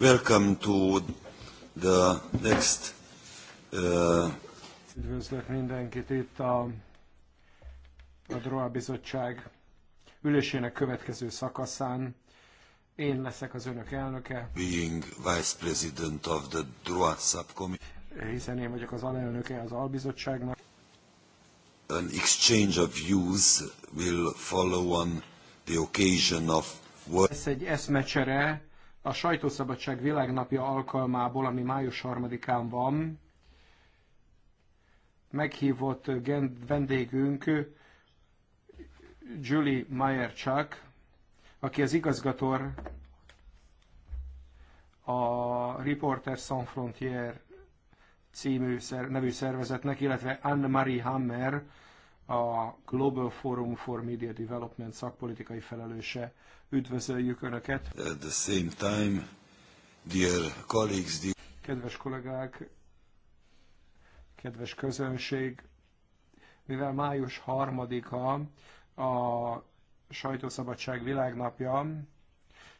Welcome to the next... Uh... Üdvözlök mindenkit itt a, a DROA bizottság ülésének következő szakaszán. Én leszek az önök elnöke. Being vice president of the DROA subcommittee. Hiszen én vagyok az alelnöke az albizottságnak. An exchange of views will follow on the occasion of... Ez egy eszmecsere a Sajtószabadság Világnapja alkalmából, ami május 3-án van, meghívott vendégünk Julie Mayerchak, aki az igazgator a Reporters Sans Frontières című szer, nevű szervezetnek, illetve Anne-Marie Hammer, a Global Forum for Media Development szakpolitikai felelőse. Üdvözöljük Önöket! At the same time, dear colleagues, dear... Kedves kollégák, kedves közönség, mivel május harmadika a sajtószabadság világnapja,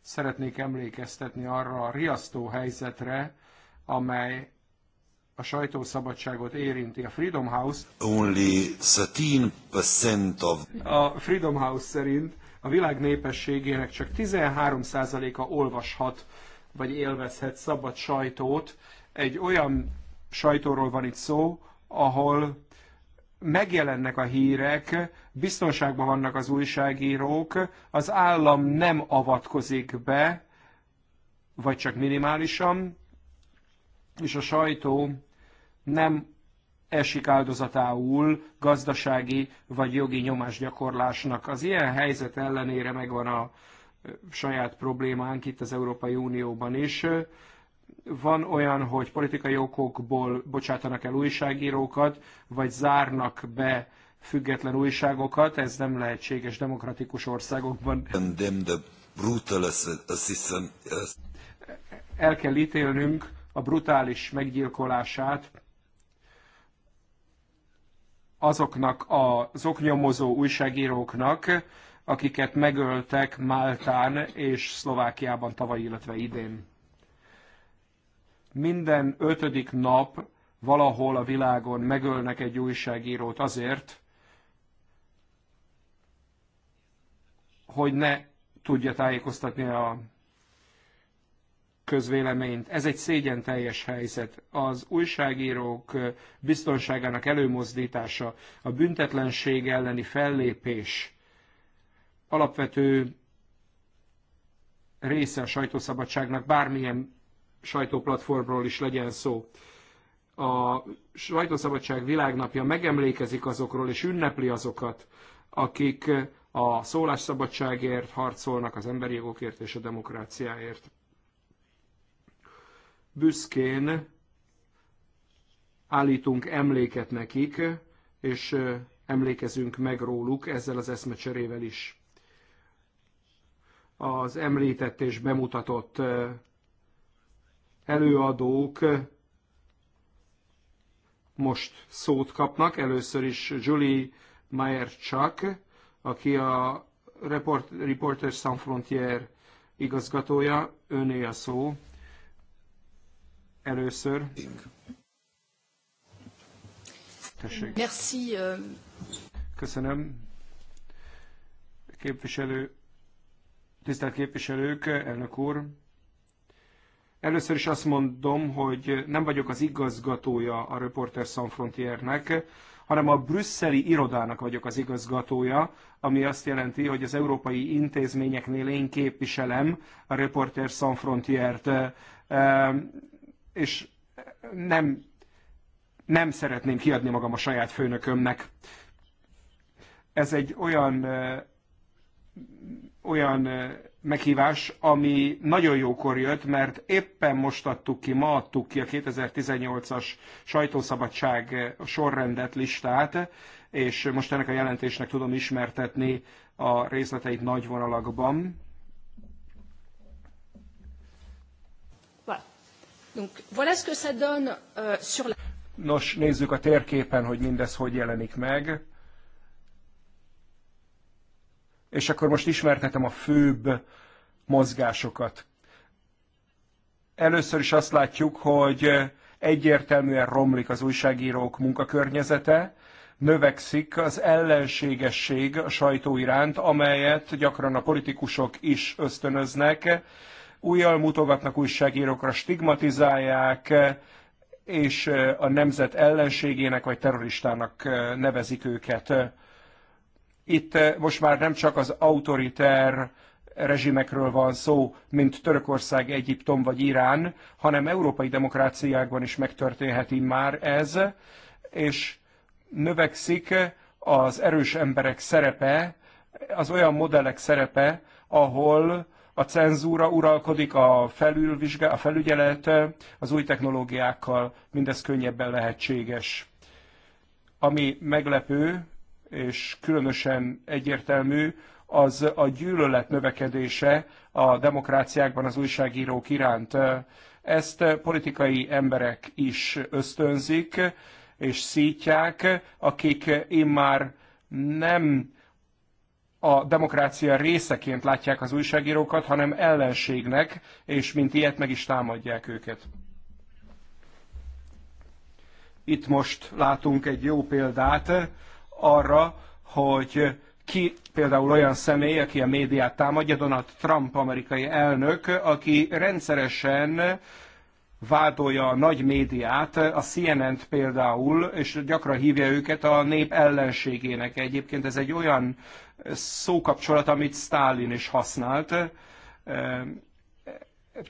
szeretnék emlékeztetni arra a riasztó helyzetre, amely a sajtószabadságot érinti. A Freedom House Only 13% of... A Freedom House szerint a világ népességének csak 13%-a olvashat vagy élvezhet szabad sajtót. Egy olyan sajtóról van itt szó, ahol megjelennek a hírek, biztonságban vannak az újságírók, az állam nem avatkozik be, vagy csak minimálisan, és a sajtó nem esik áldozatául gazdasági vagy jogi nyomásgyakorlásnak. Az ilyen helyzet ellenére megvan a saját problémánk itt az Európai Unióban is. Van olyan, hogy politikai okokból bocsátanak el újságírókat, vagy zárnak be független újságokat, ez nem lehetséges demokratikus országokban. El kell ítélnünk a brutális meggyilkolását azoknak az oknyomozó újságíróknak, akiket megöltek Máltán és Szlovákiában tavaly, illetve idén. Minden ötödik nap valahol a világon megölnek egy újságírót azért, hogy ne tudja tájékoztatni a közvéleményt. Ez egy szégyen teljes helyzet. Az újságírók biztonságának előmozdítása, a büntetlenség elleni fellépés alapvető része a sajtószabadságnak, bármilyen sajtóplatformról is legyen szó. A sajtószabadság világnapja megemlékezik azokról és ünnepli azokat, akik a szólásszabadságért harcolnak, az emberi jogokért és a demokráciáért büszkén állítunk emléket nekik, és emlékezünk meg róluk ezzel az eszmecserével is. Az említett és bemutatott előadók most szót kapnak. Először is Julie Mayer-Chuck, aki a Report, Reporters Sans Frontier igazgatója, öné a szó. Először. Tessék. Merci. Euh, Köszönöm. Képviselő, tisztelt képviselők, elnök úr. Először is azt mondom, hogy nem vagyok az igazgatója a Reporters Sans Frontiernek, hanem a brüsszeli irodának vagyok az igazgatója, ami azt jelenti, hogy az európai intézményeknél én képviselem a Reporters Sans Frontiert ehm, és nem, nem szeretném kiadni magam a saját főnökömnek. Ez egy olyan, olyan meghívás, ami nagyon jókor jött, mert éppen most adtuk ki, ma adtuk ki a 2018-as sajtószabadság sorrendet, listát, és most ennek a jelentésnek tudom ismertetni a részleteit nagy vonalakban. Euh, Nos, nézzük a térképen, hogy mindez hogy jelenik meg. És akkor most ismertetem a főbb mozgásokat. Először is azt látjuk, hogy egyértelműen romlik az újságírók munkakörnyezete, növekszik az ellenségesség a sajtó iránt, amelyet gyakran a politikusok is ösztönöznek, újjal mutogatnak újságírókra, stigmatizálják, eh, és eh, a nemzet ellenségének vagy terroristának eh, nevezik őket. Itt most már nem csak az autoriter rezsimekről van szó, mint Törökország, Egyiptom vagy Irán, hanem európai demokráciákban is megtörténhet már ez, és növekszik az erős emberek szerepe, az olyan modellek szerepe, ahol a cenzúra uralkodik, a, a felügyelet az új technológiákkal mindez könnyebben lehetséges. Ami meglepő és különösen egyértelmű, az a gyűlölet növekedése a demokráciákban az újságírók iránt. Ezt politikai emberek is ösztönzik és szítják, akik immár nem a demokrácia részeként látják az újságírókat, hanem ellenségnek, és mint ilyet meg is támadják őket. Itt most látunk egy jó példát arra, hogy ki például olyan személy, aki a médiát támadja, Donald Trump amerikai elnök, aki rendszeresen vádolja a nagy médiát, a CNN-t például, és gyakran hívja őket a nép ellenségének. Egyébként ez egy olyan szókapcsolat, amit Stalin is használt. Eh,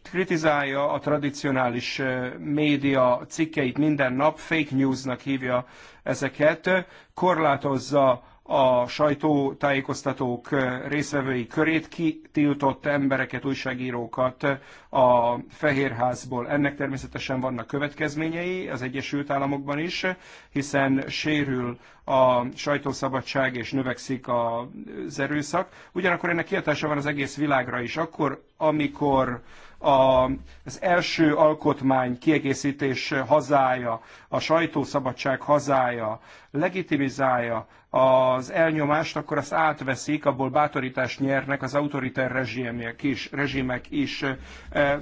kritizálja a tradicionális eh, média cikkeit minden nap, fake newsnak hívja ezeket, korlátozza a sajtótájékoztatók részvevői körét, kitiltott embereket, újságírókat a Fehérházból. Ennek természetesen vannak következményei az Egyesült Államokban is, hiszen sérül a sajtószabadság és növekszik az erőszak. Ugyanakkor ennek kihatása van az egész világra is. Akkor, amikor a, az első alkotmány kiegészítés hazája, a sajtószabadság hazája legitimizálja az elnyomást, akkor azt átveszik, abból bátorítást nyernek az autoriter rezsimek is. Rezsimek is.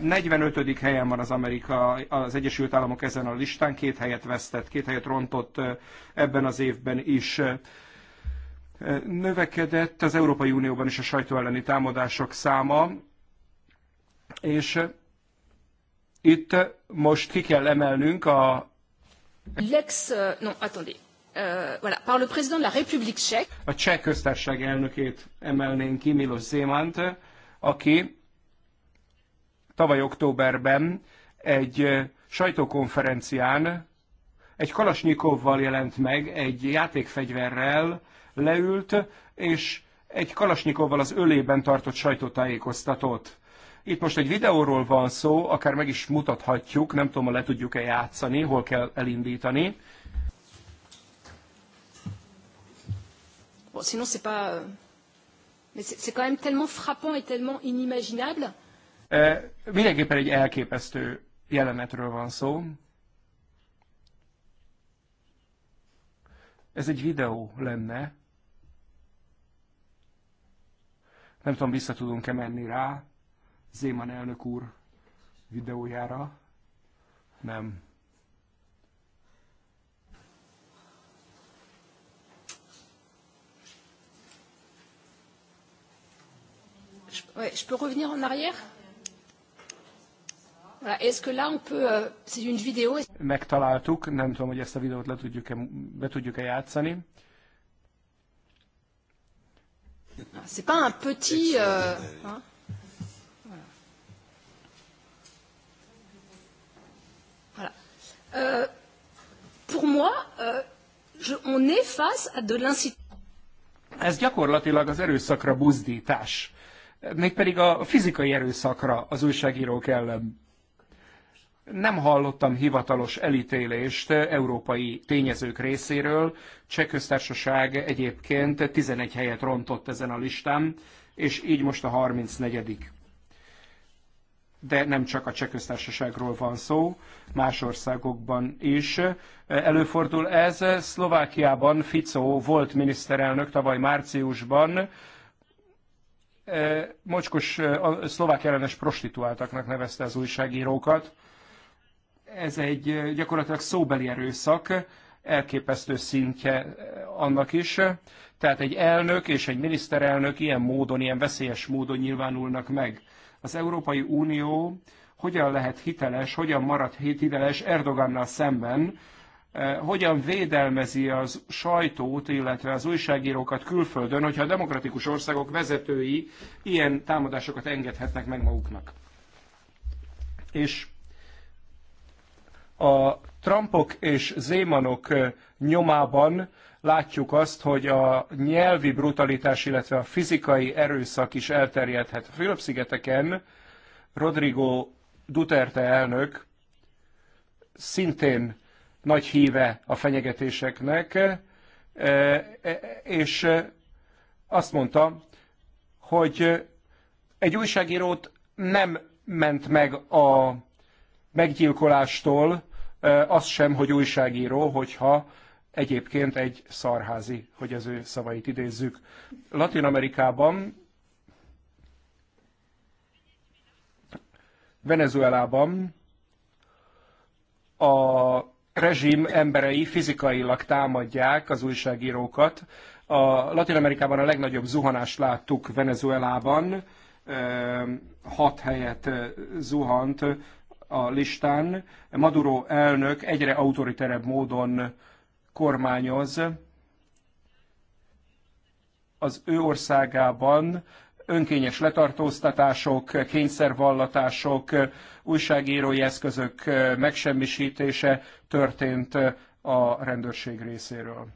45. E, helyen van az Amerika, az Egyesült Államok ezen a listán, két helyet vesztett, két helyet rontott e, ebben az évben is. E, növekedett az Európai Unióban is a sajtó elleni támadások száma, és eh, itt eh, most ki kell emelnünk a... Lex... Euh, non, attendez. Uh, voilà, par le président de la République tchèque. A cseh köztársaság elnökét emelnénk ki, Milos Zemant, aki tavaly októberben egy eh, sajtókonferencián egy kalasnyikovval jelent meg, egy játékfegyverrel leült, és egy kalasnyikovval az ölében tartott sajtótájékoztatót. Itt most egy videóról van szó, akár meg is mutathatjuk, nem tudom, ha le tudjuk-e játszani, hol kell elindítani. Bon, sinon c'est pas... Euh, mais c'est quand même tellement frappant et tellement inimaginable. Eh, mindenképpen egy elképesztő jelenetről van szó. Ez egy videó lenne. Nem tudom, vissza tudunk-e menni rá. Zéman elnök úr videójára. Nem. Ouais, je peux revenir en arrière voilà. Est-ce que là on peut... Euh, C'est une vidéo. Megtaláltuk, nem tudom, hogy ezt a videót le tudjuk-e, be tudjuk-e játszani. Ah, c'est pas un petit... Euh, hein? Euh, pour moi, euh, je, on est face à de l'incitation. Ez gyakorlatilag az erőszakra buzdítás, mégpedig a fizikai erőszakra az újságírók ellen. Nem hallottam hivatalos elítélést európai tényezők részéről. Cseh köztársaság egyébként 11 helyet rontott ezen a listán, és így most a 34 de nem csak a cseh köztársaságról van szó, más országokban is előfordul ez. Szlovákiában Fico volt miniszterelnök tavaly márciusban, e, mocskos e, szlovák ellenes prostituáltaknak nevezte az újságírókat. Ez egy e, gyakorlatilag szóbeli erőszak, elképesztő szintje annak is. Tehát egy elnök és egy miniszterelnök ilyen módon, ilyen veszélyes módon nyilvánulnak meg az Európai Unió hogyan lehet hiteles, hogyan marad hiteles Erdogannal szemben, eh, hogyan védelmezi az sajtót, illetve az újságírókat külföldön, hogyha a demokratikus országok vezetői ilyen támadásokat engedhetnek meg maguknak. És a Trumpok és Zémanok nyomában látjuk azt, hogy a nyelvi brutalitás, illetve a fizikai erőszak is elterjedhet. A Fülöp-szigeteken Rodrigo Duterte elnök szintén nagy híve a fenyegetéseknek, e, e, és azt mondta, hogy egy újságírót nem ment meg a meggyilkolástól, e, az sem, hogy újságíró, hogyha egyébként egy szarházi, hogy az ő szavait idézzük. Latin Amerikában, Venezuelában a rezsim emberei fizikailag támadják az újságírókat. A Latin Amerikában a legnagyobb zuhanást láttuk Venezuelában, hat helyet zuhant a listán. Maduro elnök egyre autoriterebb módon kormányoz, az ő országában önkényes letartóztatások, kényszervallatások, újságírói eszközök megsemmisítése történt a rendőrség részéről.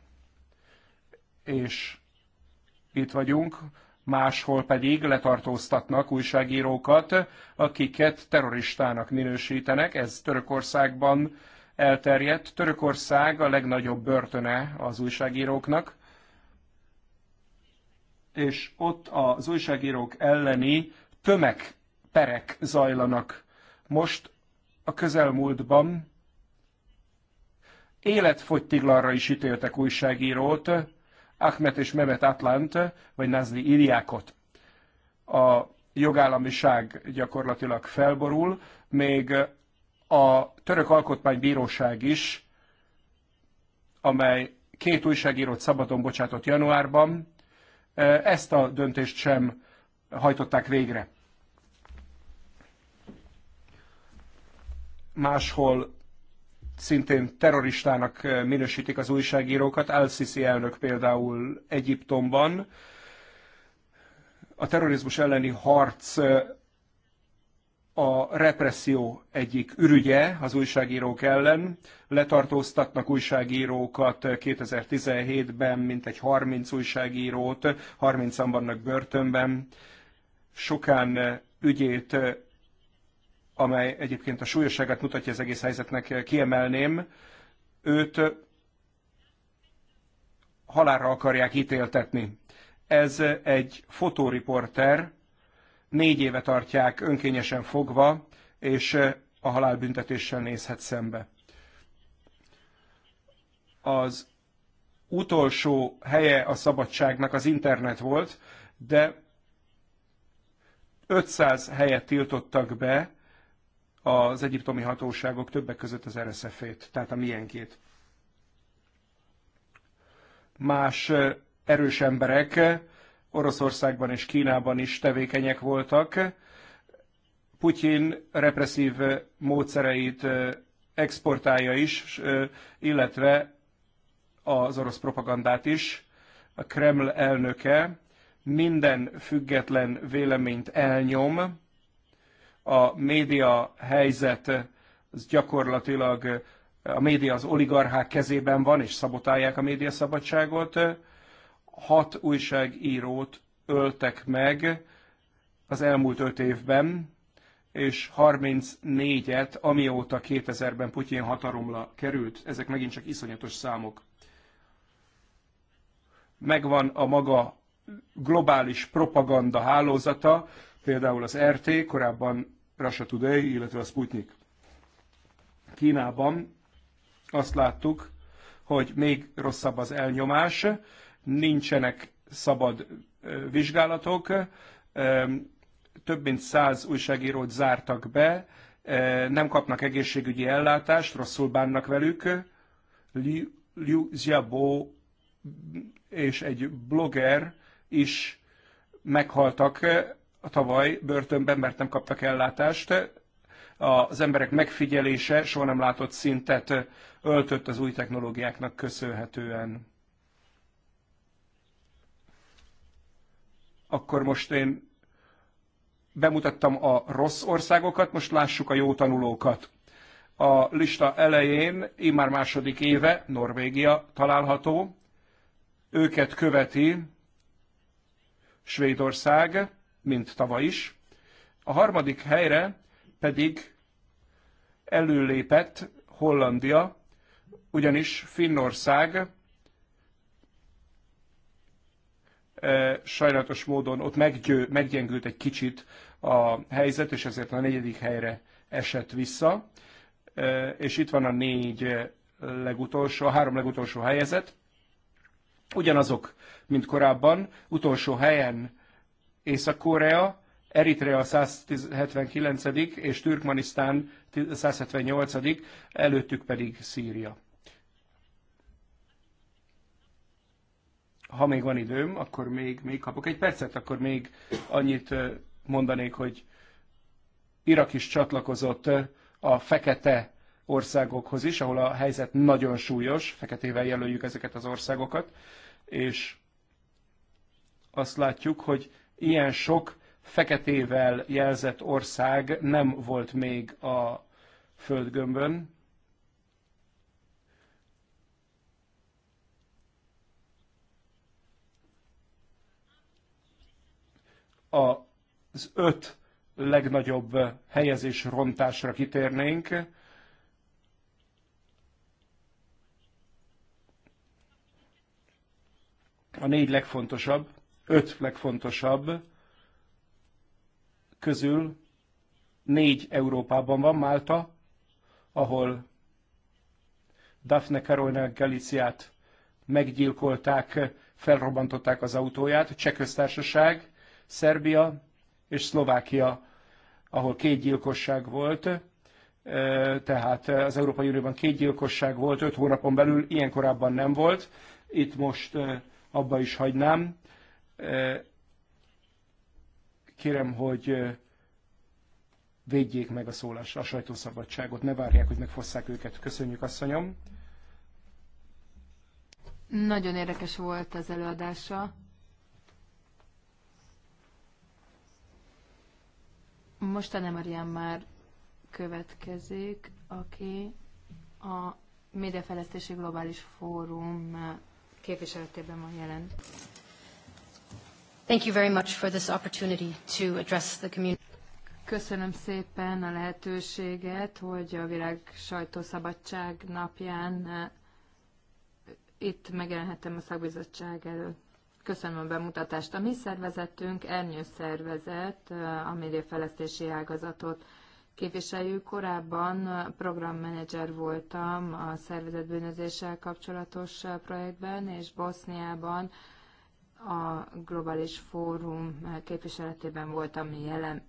És itt vagyunk, máshol pedig letartóztatnak újságírókat, akiket terroristának minősítenek, ez Törökországban elterjedt. Törökország a legnagyobb börtöne az újságíróknak, és ott az újságírók elleni tömegperek zajlanak. Most a közelmúltban életfogytiglanra is ítéltek újságírót, Ahmet és Mehmet Atlant, vagy Nazli Iriákot. A jogállamiság gyakorlatilag felborul, még a török alkotmánybíróság is, amely két újságírót szabadon bocsátott januárban, e, ezt a döntést sem hajtották végre. Máshol szintén terroristának e, minősítik az újságírókat, al elnök például Egyiptomban. A terrorizmus elleni harc e, a represszió egyik ürügye az újságírók ellen. Letartóztatnak újságírókat 2017-ben, mintegy 30 újságírót, 30-an vannak börtönben. Sokan eh, ügyét, eh, amely egyébként a súlyosságát mutatja az egész helyzetnek, eh, kiemelném. Őt halálra akarják ítéltetni. Ez egy fotóriporter, négy éve tartják önkényesen fogva, és eh, a halálbüntetéssel nézhet szembe. Az utolsó helye a szabadságnak az internet volt, de 500 helyet tiltottak be az egyiptomi hatóságok, többek között az RSF-ét, er tehát a milyenkét. Más eh, erős emberek Oroszországban és Kínában is tevékenyek voltak. Putyin represszív módszereit exportálja is, illetve az orosz propagandát is. A Kreml elnöke minden független véleményt elnyom. A média helyzet az gyakorlatilag a média az oligarchák kezében van, és szabotálják a média szabadságot hat újságírót öltek meg az elmúlt öt évben, és 34-et, amióta 2000-ben Putyin hatalomra került. Ezek megint csak iszonyatos számok. Megvan a maga globális propaganda hálózata, például az RT, korábban Russia Today, illetve a Sputnik. Kínában azt láttuk, hogy még rosszabb az elnyomás, nincsenek szabad vizsgálatok, több mint száz újságírót zártak be, nem kapnak egészségügyi ellátást, rosszul bánnak velük. Liu, Liu Xiaobo és egy blogger is meghaltak a tavaly börtönben, mert nem kaptak ellátást. Az emberek megfigyelése soha nem látott szintet öltött az új technológiáknak köszönhetően. akkor most én bemutattam a rossz országokat, most lássuk a jó tanulókat. A lista elején, immár második éve Norvégia található, őket követi Svédország, mint tavaly is. A harmadik helyre pedig előlépett Hollandia, ugyanis Finnország Sajnálatos módon ott meggyő, meggyengült egy kicsit a helyzet, és ezért a negyedik helyre esett vissza. És itt van a négy legutolsó, a három legutolsó helyezet. Ugyanazok, mint korábban. Utolsó helyen Észak-Korea, Eritrea 179. és Türkmenisztán 178. előttük pedig Szíria. ha még van időm, akkor még, még kapok egy percet, akkor még annyit mondanék, hogy Irak is csatlakozott a fekete országokhoz is, ahol a helyzet nagyon súlyos, feketével jelöljük ezeket az országokat, és azt látjuk, hogy ilyen sok feketével jelzett ország nem volt még a földgömbön, az öt legnagyobb helyezés rontásra kitérnénk, a négy legfontosabb, öt legfontosabb közül négy Európában van Málta, ahol Daphne Carolina Galiciát meggyilkolták, felrobbantották az autóját, Cseh köztársaság, Szerbia és Szlovákia, ahol két gyilkosság volt, tehát az Európai Unióban két gyilkosság volt öt hónapon belül, ilyen korábban nem volt. Itt most abba is hagynám. Kérem, hogy védjék meg a szólás, a sajtószabadságot, ne várják, hogy megfosszák őket. Köszönjük, asszonyom! Nagyon érdekes volt az előadása. Most a Marian már következik, aki a Médiafejlesztési Globális Fórum képviseletében van jelen. Thank you very much for this opportunity to address the community. Köszönöm szépen a lehetőséget, hogy a világ sajtószabadság napján eh, itt megjelenhetem a szakbizottság előtt. Köszönöm a bemutatást. A mi szervezetünk Ernyő szervezet, a médiafejlesztési ágazatot képviseljük. Korábban programmenedzser voltam a szervezetbűnözéssel kapcsolatos projektben, és Boszniában a Globális Fórum képviseletében voltam jelen.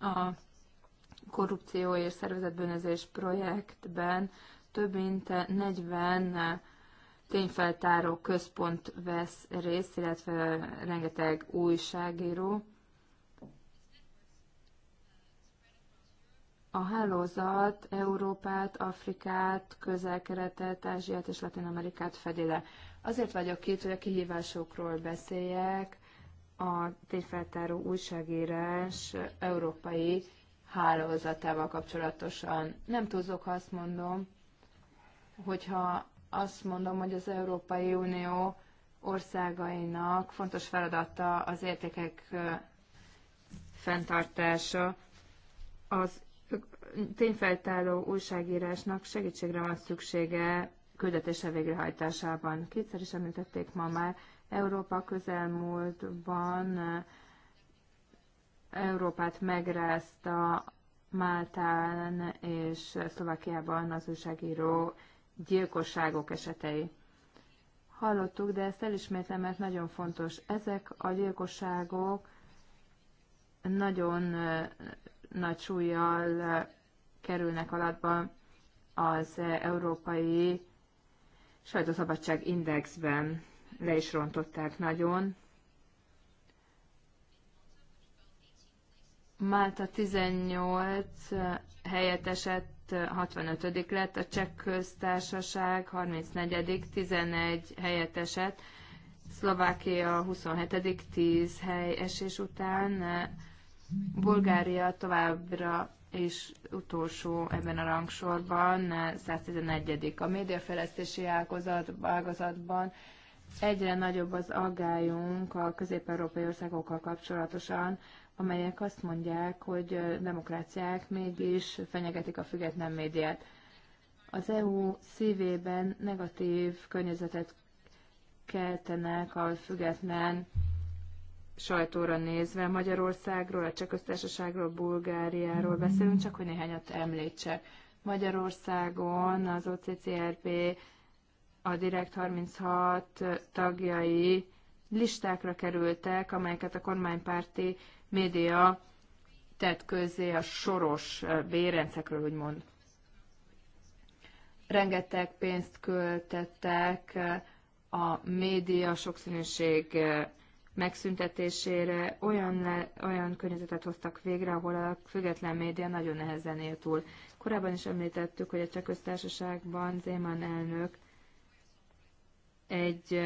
A korrupció és szervezetbűnözés projektben több mint 40 tényfeltáró központ vesz részt, illetve rengeteg újságíró. A hálózat Európát, Afrikát, Közel-Keretet, Ázsiát és Latin Amerikát fedi le. Azért vagyok itt, hogy a kihívásokról beszéljek, a tényfeltáró újságírás európai hálózatával kapcsolatosan. Nem túlzok, ha azt mondom, hogyha azt mondom, hogy az Európai Unió országainak fontos feladata az értékek fenntartása. Az tényfeltáró újságírásnak segítségre van szüksége küldetése végrehajtásában. Kétszer is említették ma már, Európa közelmúltban Európát megrázta Máltán és Szlovákiában az újságíró gyilkosságok esetei. Hallottuk, de ezt elismétlem, mert nagyon fontos. Ezek a gyilkosságok nagyon nagy súlyjal kerülnek alatba az európai sajtószabadság indexben. Le is rontották nagyon. Málta 18 helyet esett 65. lett, a Cseh köztársaság 34. 11 helyet esett, Szlovákia 27. 10 hely esés után, Bulgária továbbra és utolsó ebben a rangsorban, 111. A médiafejlesztési ágazatban egyre nagyobb az aggályunk a közép-európai országokkal kapcsolatosan, amelyek azt mondják, hogy demokráciák mégis fenyegetik a független médiát. Az EU szívében negatív környezetet keltenek a független sajtóra nézve. Magyarországról, a Csehköztársaságról, Bulgáriáról beszélünk, csak hogy néhányat említsek. Magyarországon az OCCRP a Direkt 36 tagjai listákra kerültek, amelyeket a kormánypárti média tett közzé a soros eh, bérencekről, úgymond. Rengeteg pénzt költettek eh, a média sokszínűség eh, megszüntetésére, olyan, olyan környezetet hoztak végre, ahol a független média nagyon nehezen él túl. Korábban is említettük, hogy a Cseh Köztársaságban Zéman elnök egy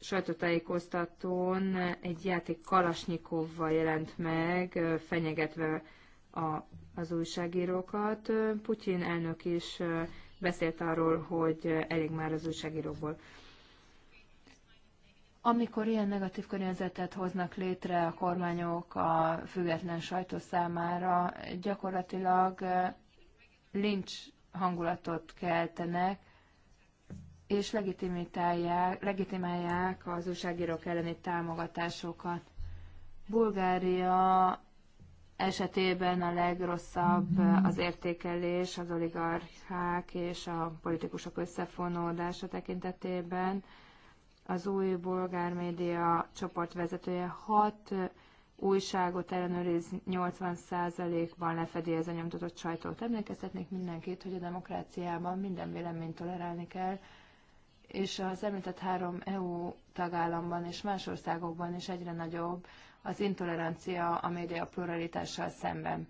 sajtótájékoztatón egy játék Kalasnyikovval jelent meg, fenyegetve a, az újságírókat. Putyin elnök is beszélt arról, hogy elég már az újságírókból. Amikor ilyen negatív környezetet hoznak létre a kormányok a független sajtó számára, gyakorlatilag lincs hangulatot keltenek, és legitimálják az újságírók elleni támogatásokat. Bulgária esetében a legrosszabb az értékelés az oligarchák és a politikusok összefonódása tekintetében. Az új bulgár média csoport vezetője hat újságot ellenőriz 80%-ban lefedi ez a nyomtatott sajtót. Emlékeztetnék mindenkit, hogy a demokráciában minden véleményt tolerálni kell, és az említett három EU tagállamban és más országokban is egyre nagyobb az intolerancia a média pluralitással szemben.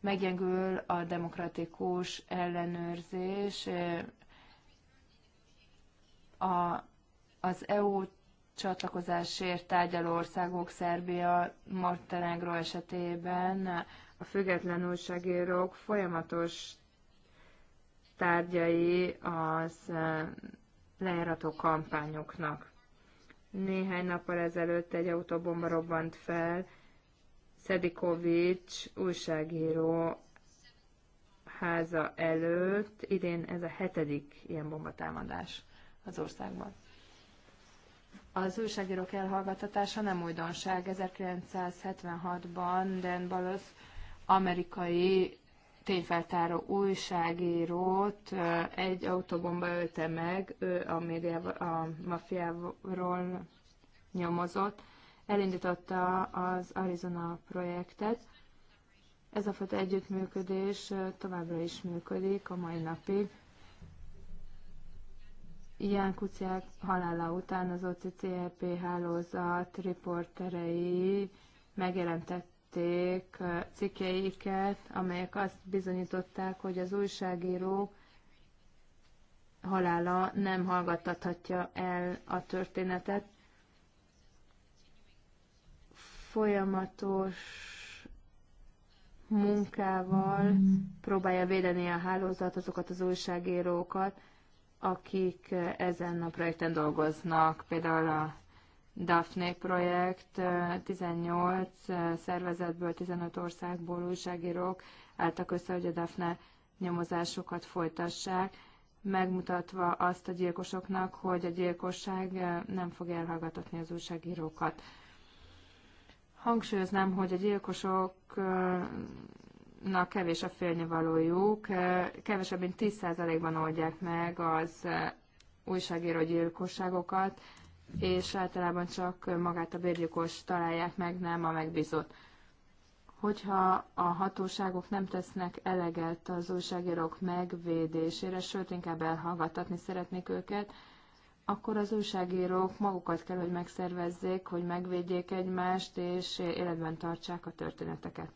Meggyengül a demokratikus ellenőrzés, a, az EU csatlakozásért tárgyaló országok Szerbia, Montenegro esetében a független újságírók folyamatos tárgyai az lejárató kampányoknak. Néhány nappal ezelőtt egy autóbomba robbant fel, Szedikovics újságíró háza előtt, idén ez a hetedik ilyen bombatámadás az országban. Az újságírók elhallgatása nem újdonság. 1976-ban Dan Ballas amerikai tényfeltáró újságírót egy autóbomba ölte meg, ő a, médiával, a mafiáról nyomozott, elindította az Arizona projektet. Ez a fajta együttműködés továbbra is működik a mai napig. Ilyen kutyák halála után az OCCLP e hálózat riporterei megjelentett megvédték cikkeiket, amelyek azt bizonyították, hogy az újságíró halála nem hallgattathatja el a történetet. Folyamatos munkával próbálja védeni a hálózat azokat az újságírókat, akik ezen a projekten dolgoznak, például a Daphne projekt, 18 szervezetből, 15 országból újságírók álltak össze, hogy a Daphne nyomozásokat folytassák, megmutatva azt a gyilkosoknak, hogy a gyilkosság nem fog elhallgatni az újságírókat. Hangsúlyoznám, hogy a gyilkosoknak kevés a félnyivalójuk, kevesebb mint 10%-ban oldják meg az újságíró gyilkosságokat, és általában csak magát a bérgyilkos találják meg, nem a megbízott. Hogyha a hatóságok nem tesznek eleget az újságírók megvédésére, sőt, inkább elhallgattatni szeretnék őket, akkor az újságírók magukat kell, hogy megszervezzék, hogy megvédjék egymást, és életben tartsák a történeteket.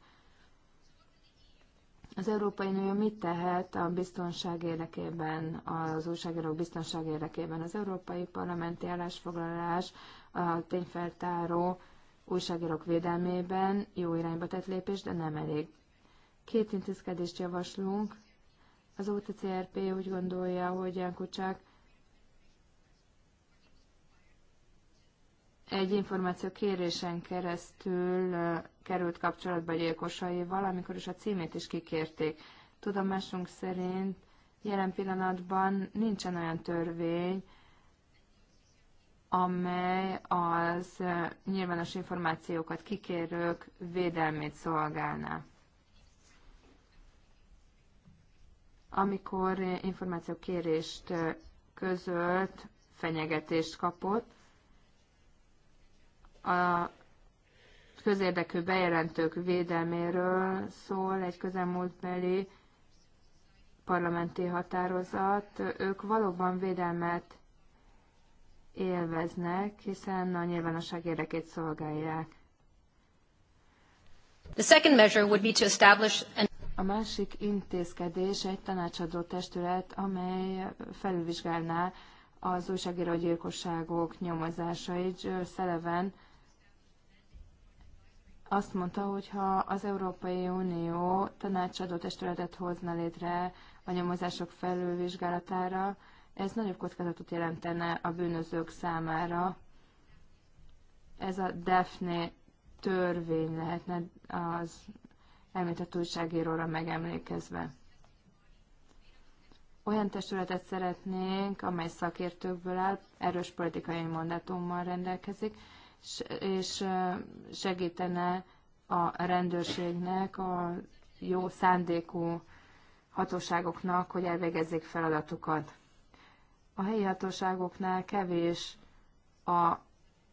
Az Európai Unió mit tehet a biztonság érdekében, az újságírók biztonság érdekében? Az Európai Parlamenti állásfoglalás a tényfeltáró újságírók védelmében jó irányba tett lépés, de nem elég. Két intézkedést javaslunk. Az OTCRP úgy gondolja, hogy Ján egy információ kérésen keresztül került kapcsolatba gyilkosaival, amikor is a címét is kikérték. Tudomásunk szerint jelen pillanatban nincsen olyan törvény, amely az nyilvános információkat kikérők védelmét szolgálná. Amikor információkérést közölt, fenyegetést kapott, a közérdekű bejelentők védelméről szól egy közelmúltbeli parlamenti határozat. Ők valóban védelmet élveznek, hiszen a nyilvánosság érdekét szolgálják. The second measure would be to establish an a másik intézkedés egy tanácsadó testület, amely felülvizsgálná az újságíró gyilkosságok nyomozásait. Szeleven azt mondta, hogy ha az Európai Unió tanácsadó testületet hozna létre a nyomozások felülvizsgálatára, ez nagyobb kockázatot jelentene a bűnözők számára. Ez a DEFNE törvény lehetne az említett újságíróra megemlékezve. Olyan testületet szeretnénk, amely szakértőkből áll, erős politikai mandátummal rendelkezik, és segítene a rendőrségnek, a jó szándékú hatóságoknak, hogy elvégezzék feladatukat. A helyi hatóságoknál kevés a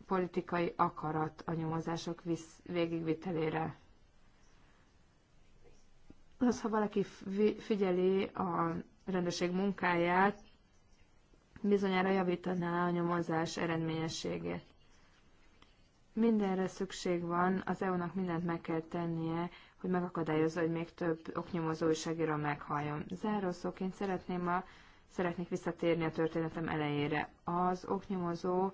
politikai akarat a nyomozások visz, végigvitelére. Az, ha valaki figyeli a rendőrség munkáját, bizonyára javítaná a nyomozás eredményességét. Mindenre szükség van, az EU-nak mindent meg kell tennie, hogy megakadályozza, hogy még több oknyomozó újságíró meghalljon. Zárószóként szeretném a, szeretnék visszatérni a történetem elejére. Az oknyomozó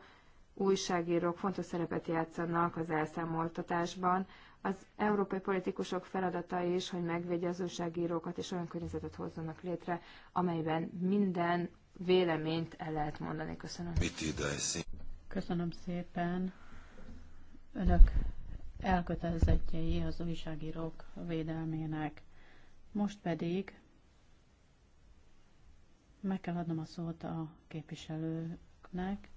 újságírók fontos szerepet játszanak az elszámoltatásban. Az európai politikusok feladata is, hogy megvédje az újságírókat, és olyan környezetet hozzanak létre, amelyben minden véleményt el lehet mondani. Köszönöm. Köszönöm szépen önök elkötelezettjei az újságírók védelmének. Most pedig meg kell adnom a szót a képviselőknek.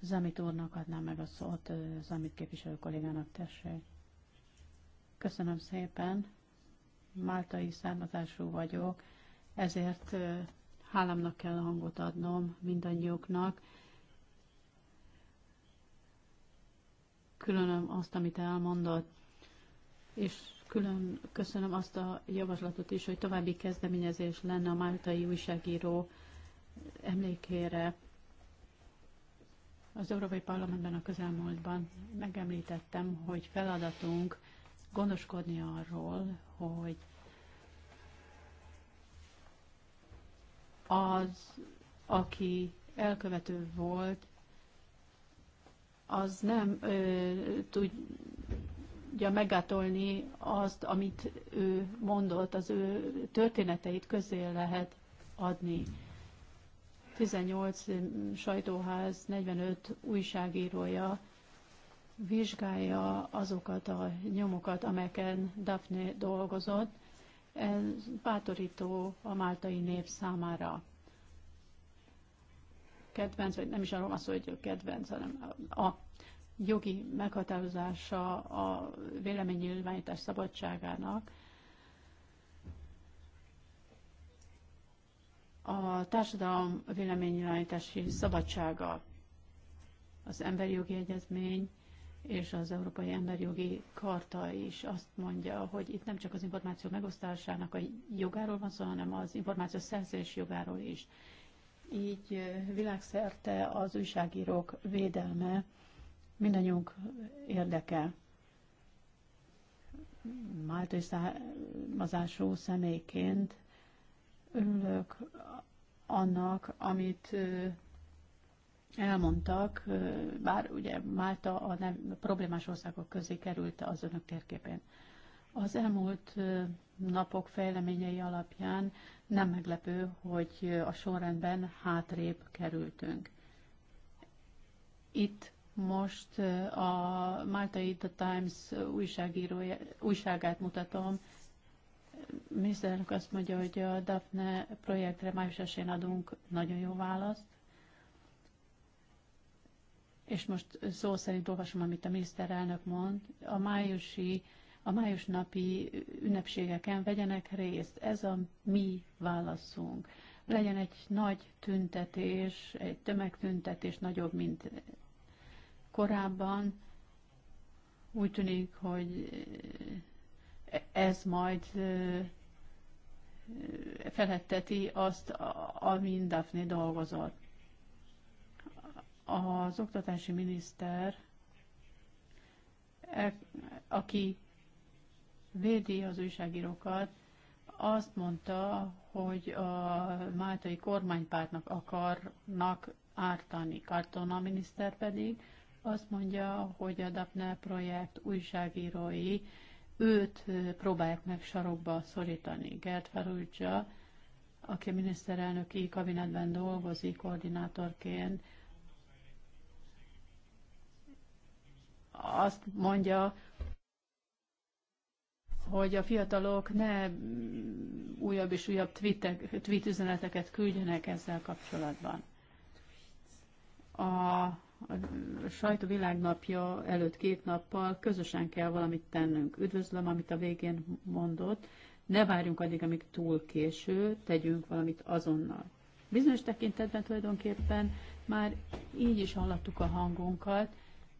Zamit úrnak adnám meg a szót, Zamit képviselő kollégának tessék. Köszönöm szépen, máltai származású vagyok, ezért hálámnak kell hangot adnom mindannyiuknak, különöm azt, amit elmondott, és külön köszönöm azt a javaslatot is, hogy további kezdeményezés lenne a máltai újságíró emlékére az Európai Parlamentben a közelmúltban megemlítettem, hogy feladatunk gondoskodni arról, hogy az, aki elkövető volt, az nem ö, tudja megátolni azt, amit ő mondott, az ő történeteit közé lehet adni. 18 sajtóház, 45 újságírója vizsgálja azokat a nyomokat, amelyeken Daphne dolgozott. Ez bátorító a máltai nép számára kedvenc, vagy nem is arról van szó, hogy a kedvenc, hanem a jogi meghatározása a véleménynyilvánítás szabadságának, a társadalom véleménynyilvánítási szabadsága, az emberi jogi egyezmény és az Európai emberi jogi Karta is azt mondja, hogy itt nem csak az információ megosztásának a jogáról van szó, hanem az információ szerzés jogáról is. Így világszerte az újságírók védelme mindannyiunk érdeke. Máltai származású személyként örülök annak, amit elmondtak, bár ugye Málta a nem, problémás országok közé került az önök térképén. Az elmúlt napok fejleményei alapján nem meglepő, hogy a sorrendben hátrébb kerültünk. Itt most a Máltai The Times újságírója, újságát mutatom. A miniszterelnök azt mondja, hogy a Daphne projektre május esén adunk nagyon jó választ. És most szó szerint olvasom, amit a miniszterelnök mond. A májusi uh, a május napi ünnepségeken vegyenek részt. Ez a mi válaszunk. Legyen egy nagy tüntetés, egy tömegtüntetés nagyobb, mint korábban. Úgy tűnik, hogy ez majd eh, felhetteti azt, amin Daphne dolgozott. Az oktatási miniszter, eh, aki védi az újságírókat, azt mondta, hogy a máltai kormánypártnak akarnak ártani. Kartona miniszter pedig azt mondja, hogy a DAPNE projekt újságírói őt próbálják meg sarokba szorítani. Gert Farrugia, aki a miniszterelnöki kabinetben dolgozik koordinátorként, azt mondja, hogy a fiatalok ne újabb és újabb tweetek, tweet üzeneteket küldjenek ezzel kapcsolatban. A, a sajtó világnapja előtt két nappal közösen kell valamit tennünk. Üdvözlöm, amit a végén mondott. Ne várjunk addig, amíg túl késő, tegyünk valamit azonnal. Bizonyos tekintetben tulajdonképpen már így is hallattuk a hangunkat,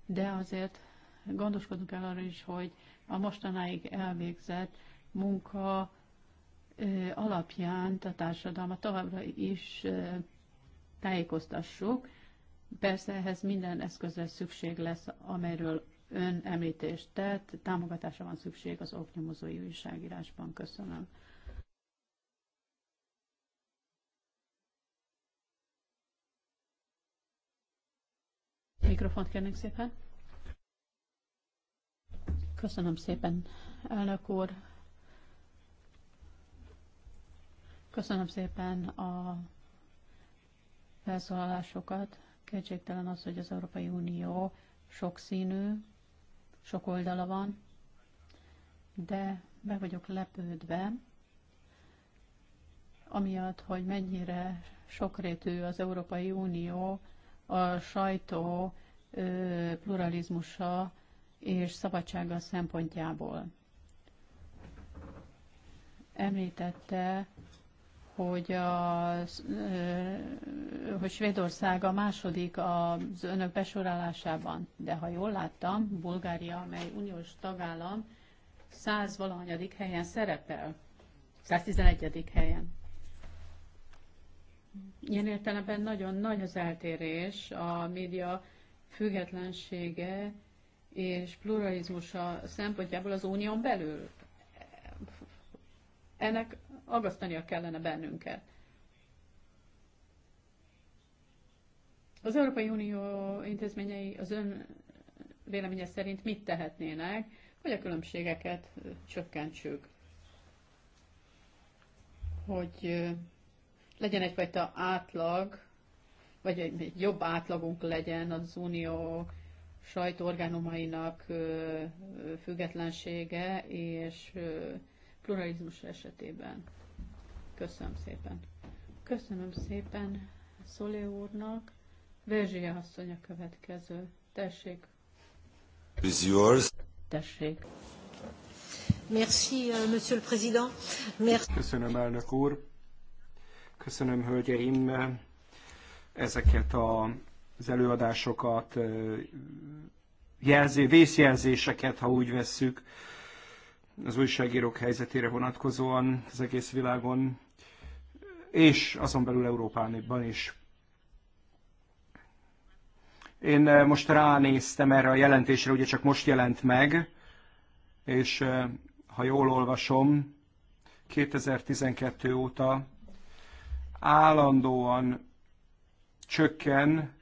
de azért gondoskodunk el arra is, hogy a mostanáig elvégzett munka alapján a társadalmat továbbra is tájékoztassuk. Persze ehhez minden eszközre szükség lesz, amelyről ön említést tett, támogatásra van szükség az oknyomozói újságírásban. Köszönöm. Mikrofont kérnénk szépen. Köszönöm szépen, elnök úr. Köszönöm szépen a felszólalásokat. Kétségtelen az, hogy az Európai Unió sokszínű, sok oldala van, de be vagyok lepődve, amiatt, hogy mennyire sokrétű az Európai Unió a sajtó pluralizmusa, és szabadsága szempontjából. Említette, hogy, a, hogy Svédország a második az önök besorolásában, de ha jól láttam, Bulgária, amely uniós tagállam, 100 valahanyadik helyen szerepel. 111. helyen. Ilyen értelemben nagyon nagy az eltérés a média függetlensége és pluralizmusa szempontjából az unión belül. Ennek agasztania kellene bennünket. Az Európai Unió intézményei az ön véleménye szerint mit tehetnének, hogy a különbségeket csökkentsük? Hogy legyen egyfajta átlag, vagy egy jobb átlagunk legyen az unió sajtóorgánumainak függetlensége és pluralizmus esetében. Köszönöm szépen. Köszönöm szépen Szolé úrnak. Verzsia asszony a következő. Tessék. Is yours. Tessék. Merci, euh, Monsieur le Président. Merci. Köszönöm, elnök úr. Köszönöm, hölgyeim, ezeket a az előadásokat, jelzé, vészjelzéseket, ha úgy vesszük, az újságírók helyzetére vonatkozóan az egész világon, és azon belül Európában is. Én most ránéztem erre a jelentésre, ugye csak most jelent meg, és ha jól olvasom, 2012 óta állandóan csökken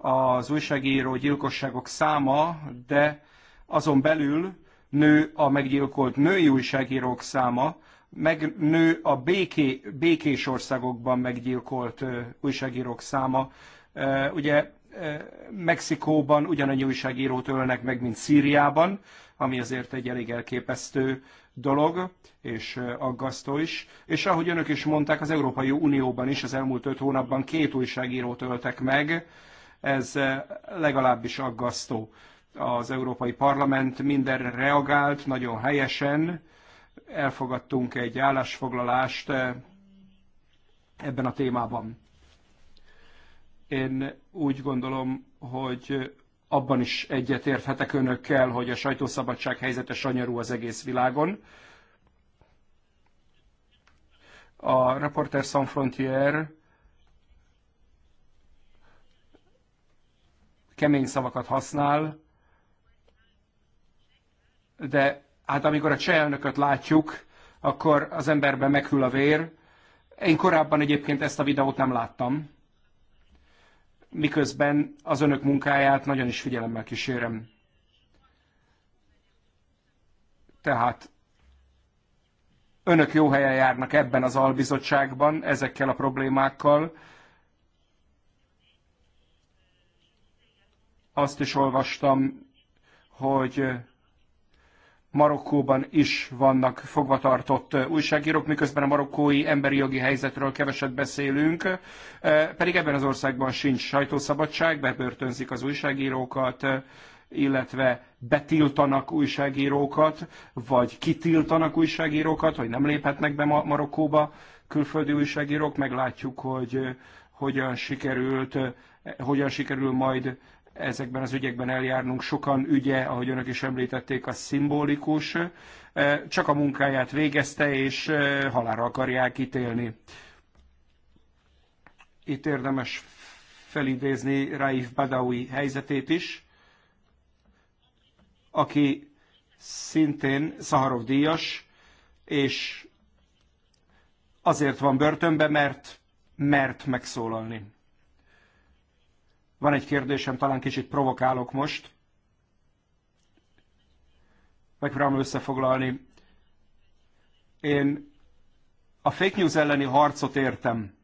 az újságíró gyilkosságok száma, de azon belül nő a meggyilkolt női újságírók száma, meg nő a béké, békés országokban meggyilkolt újságírók száma. Ugye Mexikóban ugyanannyi újságírót ölnek meg, mint Szíriában, ami azért egy elég elképesztő dolog, és aggasztó is. És ahogy önök is mondták, az Európai Unióban is az elmúlt öt hónapban két újságírót öltek meg, ez eh, legalábbis aggasztó. Az Európai Parlament mindenre reagált nagyon helyesen, elfogadtunk egy állásfoglalást eh, ebben a témában. Én úgy gondolom, hogy abban is egyetérthetek önökkel, hogy a sajtószabadság helyzete sanyarú az egész világon. A Reporter Sans Frontier kemény szavakat használ, de hát amikor a cseh elnököt látjuk, akkor az emberben meghűl a vér. Én korábban egyébként ezt a videót nem láttam, miközben az önök munkáját nagyon is figyelemmel kísérem. Tehát önök jó helyen járnak ebben az albizottságban ezekkel a problémákkal, Azt is olvastam, hogy Marokkóban is vannak fogvatartott újságírók, miközben a marokkói emberi jogi helyzetről keveset beszélünk, eh, pedig ebben az országban sincs sajtószabadság, bebörtönzik az újságírókat, illetve betiltanak újságírókat, vagy kitiltanak újságírókat, hogy nem léphetnek be Marokkóba külföldi újságírók, meglátjuk, hogy eh, hogyan sikerült, eh, hogyan sikerül majd ezekben az ügyekben eljárnunk. Sokan ügye, ahogy önök is említették, a szimbolikus, e, csak a munkáját végezte, és e, halára akarják ítélni. Itt érdemes felidézni Raif Badawi helyzetét is, aki szintén Szaharov díjas, és azért van börtönben, mert mert megszólalni. Van egy kérdésem, talán kicsit provokálok most. Megpróbálom összefoglalni. Én a fake news elleni harcot értem,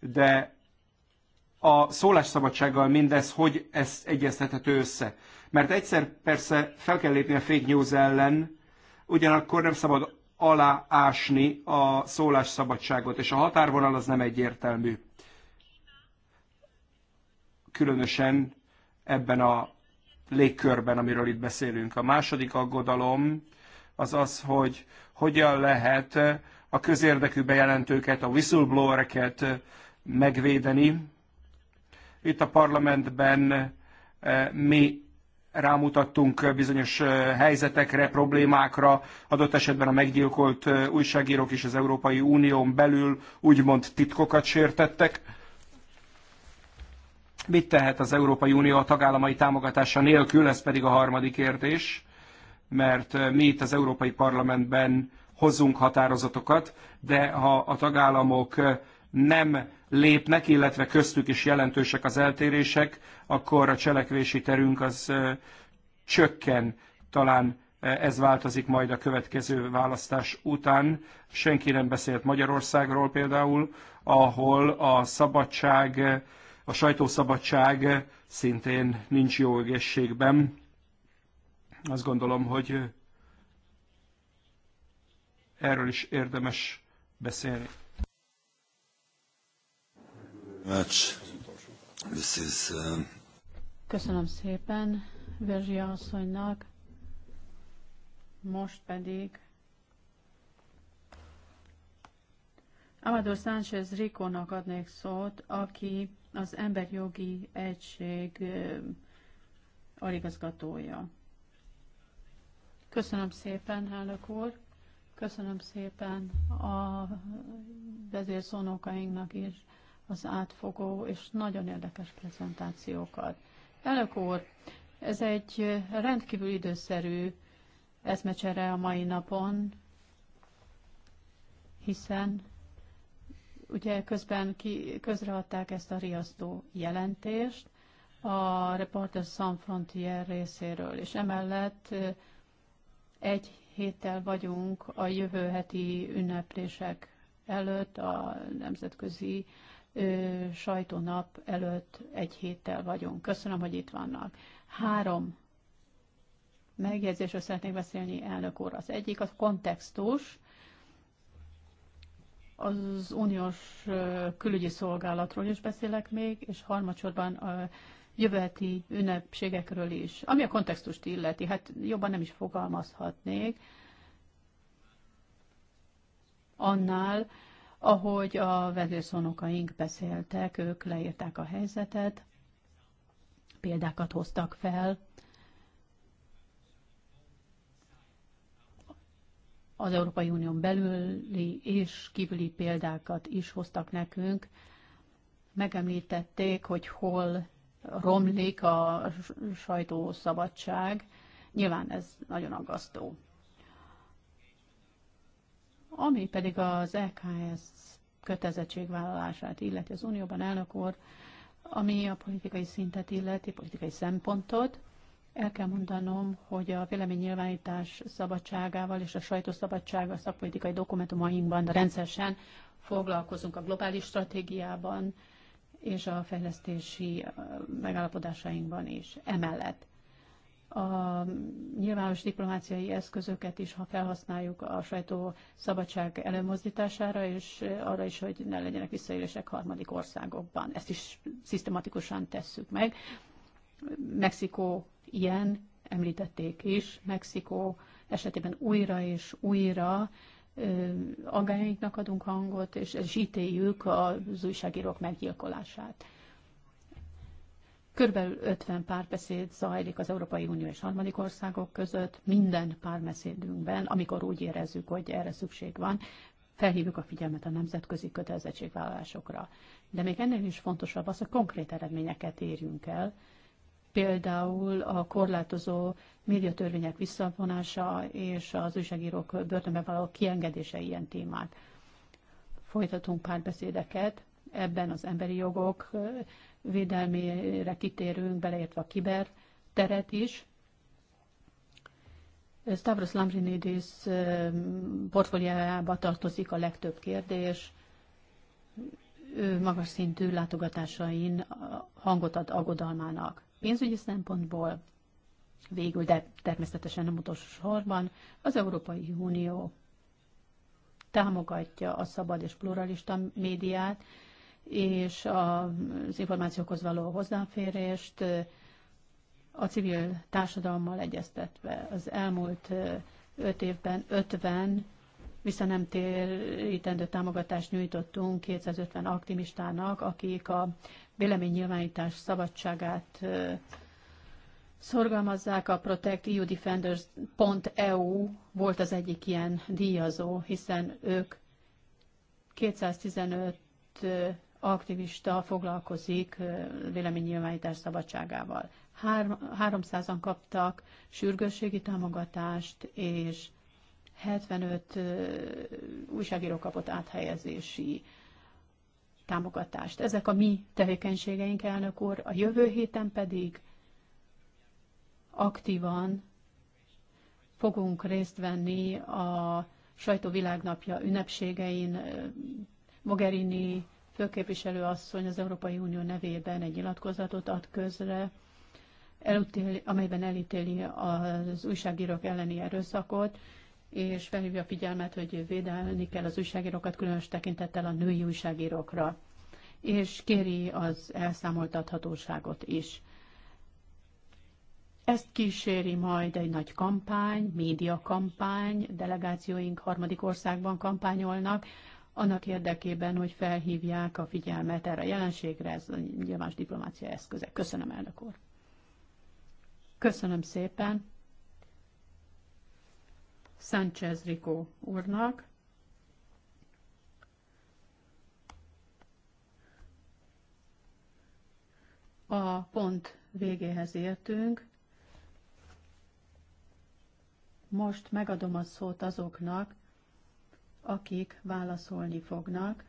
de a szólásszabadsággal mindez, hogy ez egyeztethető össze. Mert egyszer persze fel kell lépni a fake news ellen, ugyanakkor nem szabad aláásni a szólásszabadságot, és a határvonal az nem egyértelmű különösen ebben a légkörben, amiről itt beszélünk. A második aggodalom az az, hogy hogyan lehet a közérdekű bejelentőket, a whistleblowereket megvédeni. Itt a parlamentben eh, mi rámutattunk bizonyos eh, helyzetekre, problémákra, adott esetben a meggyilkolt eh, újságírók is az Európai Unión belül úgymond titkokat sértettek Mit tehet az Európai Unió a tagállamai támogatása nélkül? Ez pedig a harmadik kérdés, mert mi itt az Európai Parlamentben hozzunk határozatokat, de ha a tagállamok nem lépnek, illetve köztük is jelentősek az eltérések, akkor a cselekvési terünk az csökken. Talán ez változik majd a következő választás után. Senki nem beszélt Magyarországról például, ahol a szabadság a sajtószabadság szintén nincs jó egészségben. Azt gondolom, hogy erről is érdemes beszélni. Um, Köszönöm szépen Verzsia asszonynak. Most pedig Amador Sánchez Rikónak adnék szót, aki az emberjogi egység aligazgatója. Köszönöm szépen, elnök úr! Köszönöm szépen a vezérszónokainknak is az átfogó és nagyon érdekes prezentációkat. Elnök úr, ez egy rendkívül időszerű eszmecsere a mai napon, hiszen Ugye közben ki, közreadták ezt a riasztó jelentést a Reporters Sans Frontier részéről, és emellett egy héttel vagyunk a jövő heti ünneplések előtt, a nemzetközi ö, sajtónap előtt egy héttel vagyunk. Köszönöm, hogy itt vannak. Három megjegyzésről szeretnék beszélni, elnök úr. Az egyik a kontextus, az uniós külügyi szolgálatról is beszélek még, és harmadsorban a jövőheti ünnepségekről is. Ami a kontextust illeti, hát jobban nem is fogalmazhatnék annál, ahogy a vezérszónokaink beszéltek, ők leírták a helyzetet, példákat hoztak fel, az Európai Unión belüli és kívüli példákat is hoztak nekünk. Megemlítették, hogy hol romlik a sajtószabadság. Nyilván ez nagyon aggasztó. Ami pedig az EKS kötelezettségvállalását illeti az Unióban elnök úr, ami a politikai szintet illeti, politikai szempontot, el kell mondanom, hogy a véleménynyilvánítás szabadságával és a sajtószabadsággal szakpolitikai dokumentumainkban rendszeresen foglalkozunk a globális stratégiában és a fejlesztési megállapodásainkban is. Emellett a nyilvános diplomáciai eszközöket is, ha felhasználjuk a sajtó szabadság előmozdítására, és arra is, hogy ne legyenek visszaélések harmadik országokban. Ezt is szisztematikusan tesszük meg. Mexikó ilyen, említették is, Mexikó esetében újra és újra agályainknak adunk hangot, és, és ítéljük az újságírók meggyilkolását. Körülbelül 50 párbeszéd zajlik az Európai Unió és harmadik országok között. Minden párbeszédünkben, amikor úgy érezzük, hogy erre szükség van, felhívjuk a figyelmet a nemzetközi kötelezettségvállalásokra. De még ennél is fontosabb az, hogy konkrét eredményeket érjünk el, például a korlátozó médiatörvények visszavonása és az újságírók börtönbe való kiengedése ilyen témát. Folytatunk párbeszédeket, ebben az emberi jogok védelmére kitérünk, beleértve a kiber teret is. Stavros Lambrinidis portfóliájába tartozik a legtöbb kérdés, ő magas szintű látogatásain hangot ad aggodalmának pénzügyi szempontból, végül, de természetesen nem utolsó sorban, az Európai Unió támogatja a szabad és pluralista médiát, és az információkhoz való hozzáférést a civil társadalommal egyeztetve. Az elmúlt öt évben 50 vissza nem térítendő támogatást nyújtottunk 250 aktivistának, akik a véleménynyilvánítás szabadságát szorgalmazzák. A Protect EU Defenders.eu volt az egyik ilyen díjazó, hiszen ők 215 aktivista foglalkozik véleménynyilvánítás szabadságával. 300-an kaptak sürgősségi támogatást, és 75 újságíró kapott áthelyezési támogatást. Ezek a mi tevékenységeink, elnök úr, a jövő héten pedig aktívan fogunk részt venni a sajtóvilágnapja ünnepségein. Mogherini főképviselő asszony az Európai Unió nevében egy nyilatkozatot ad közre, elítéli, amelyben elítéli az újságírók elleni erőszakot, és felhívja a figyelmet, hogy védelni kell az újságírókat, különös tekintettel a női újságírókra, és kéri az elszámoltathatóságot is. Ezt kíséri majd egy nagy kampány, médiakampány, delegációink harmadik országban kampányolnak, annak érdekében, hogy felhívják a figyelmet erre a jelenségre, ez a nyilvános diplomácia eszköze. Köszönöm, elnök úr. Köszönöm szépen. Sánchez Rico úrnak. A pont végéhez értünk. Most megadom a szót azoknak, akik válaszolni fognak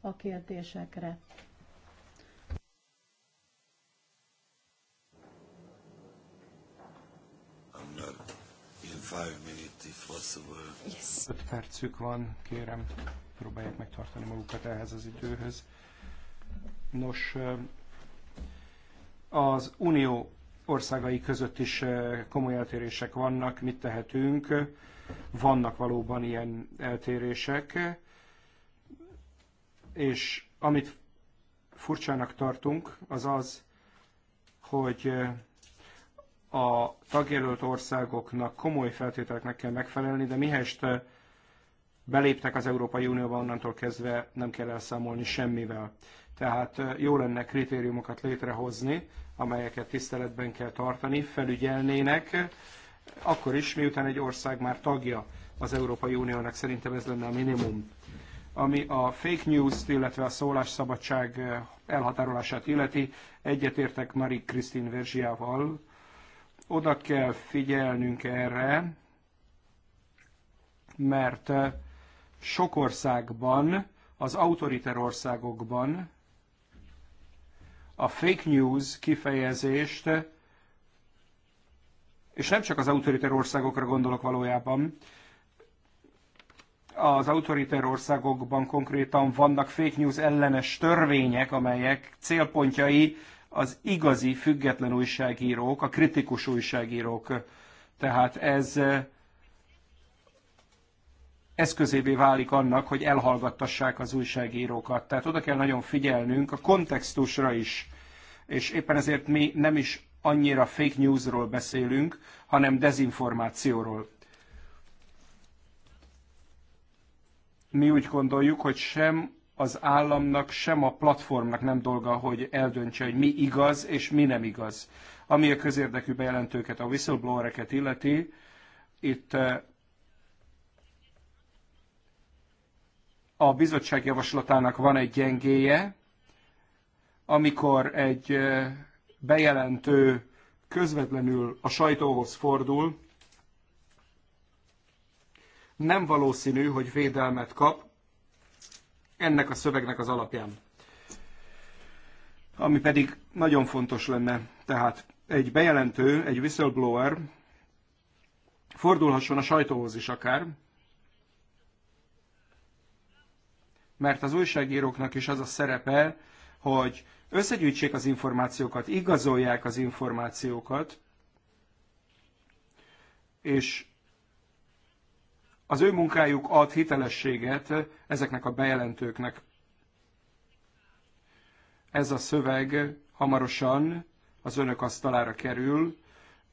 a kérdésekre. five minutes if possible. Yes. Öt percük van, kérem, próbálják megtartani magukat ehhez az időhöz. Nos, az Unió országai között is komoly eltérések vannak, mit tehetünk, vannak valóban ilyen eltérések, és amit furcsának tartunk, az az, hogy a tagjelölt országoknak komoly feltételeknek kell megfelelni, de mihelyest eh, beléptek az Európai Unióba, onnantól kezdve nem kell elszámolni semmivel. Tehát eh, jó lenne kritériumokat létrehozni, amelyeket tiszteletben kell tartani, felügyelnének, eh, akkor is, miután egy ország már tagja az Európai Uniónak, szerintem ez lenne a minimum. Ami a fake news, illetve a szólásszabadság elhatárolását illeti, egyetértek Marie Christine val oda kell figyelnünk erre, mert eh, sok országban, az autoriter országokban a fake news kifejezést, és nem csak az autoriter országokra gondolok valójában, az autoriter országokban konkrétan vannak fake news ellenes törvények, amelyek célpontjai az igazi független újságírók, a kritikus újságírók. Tehát ez eh, eszközévé válik annak, hogy elhallgattassák az újságírókat. Tehát oda kell nagyon figyelnünk a kontextusra is. És éppen ezért mi nem is annyira fake newsról beszélünk, hanem dezinformációról. Mi úgy gondoljuk, hogy sem az államnak, sem a platformnak nem dolga, hogy eldöntse, hogy mi igaz és mi nem igaz. Ami a közérdekű bejelentőket, a whistleblowereket illeti, itt eh, a bizottság javaslatának van egy gyengéje, amikor egy eh, bejelentő közvetlenül a sajtóhoz fordul, nem valószínű, hogy védelmet kap, ennek a szövegnek az alapján. Ami pedig nagyon fontos lenne, tehát egy bejelentő, egy whistleblower fordulhasson a sajtóhoz is akár, mert az újságíróknak is az a szerepe, hogy összegyűjtsék az információkat, igazolják az információkat, és az ő munkájuk ad hitelességet ezeknek a bejelentőknek. Ez a szöveg hamarosan az önök asztalára kerül,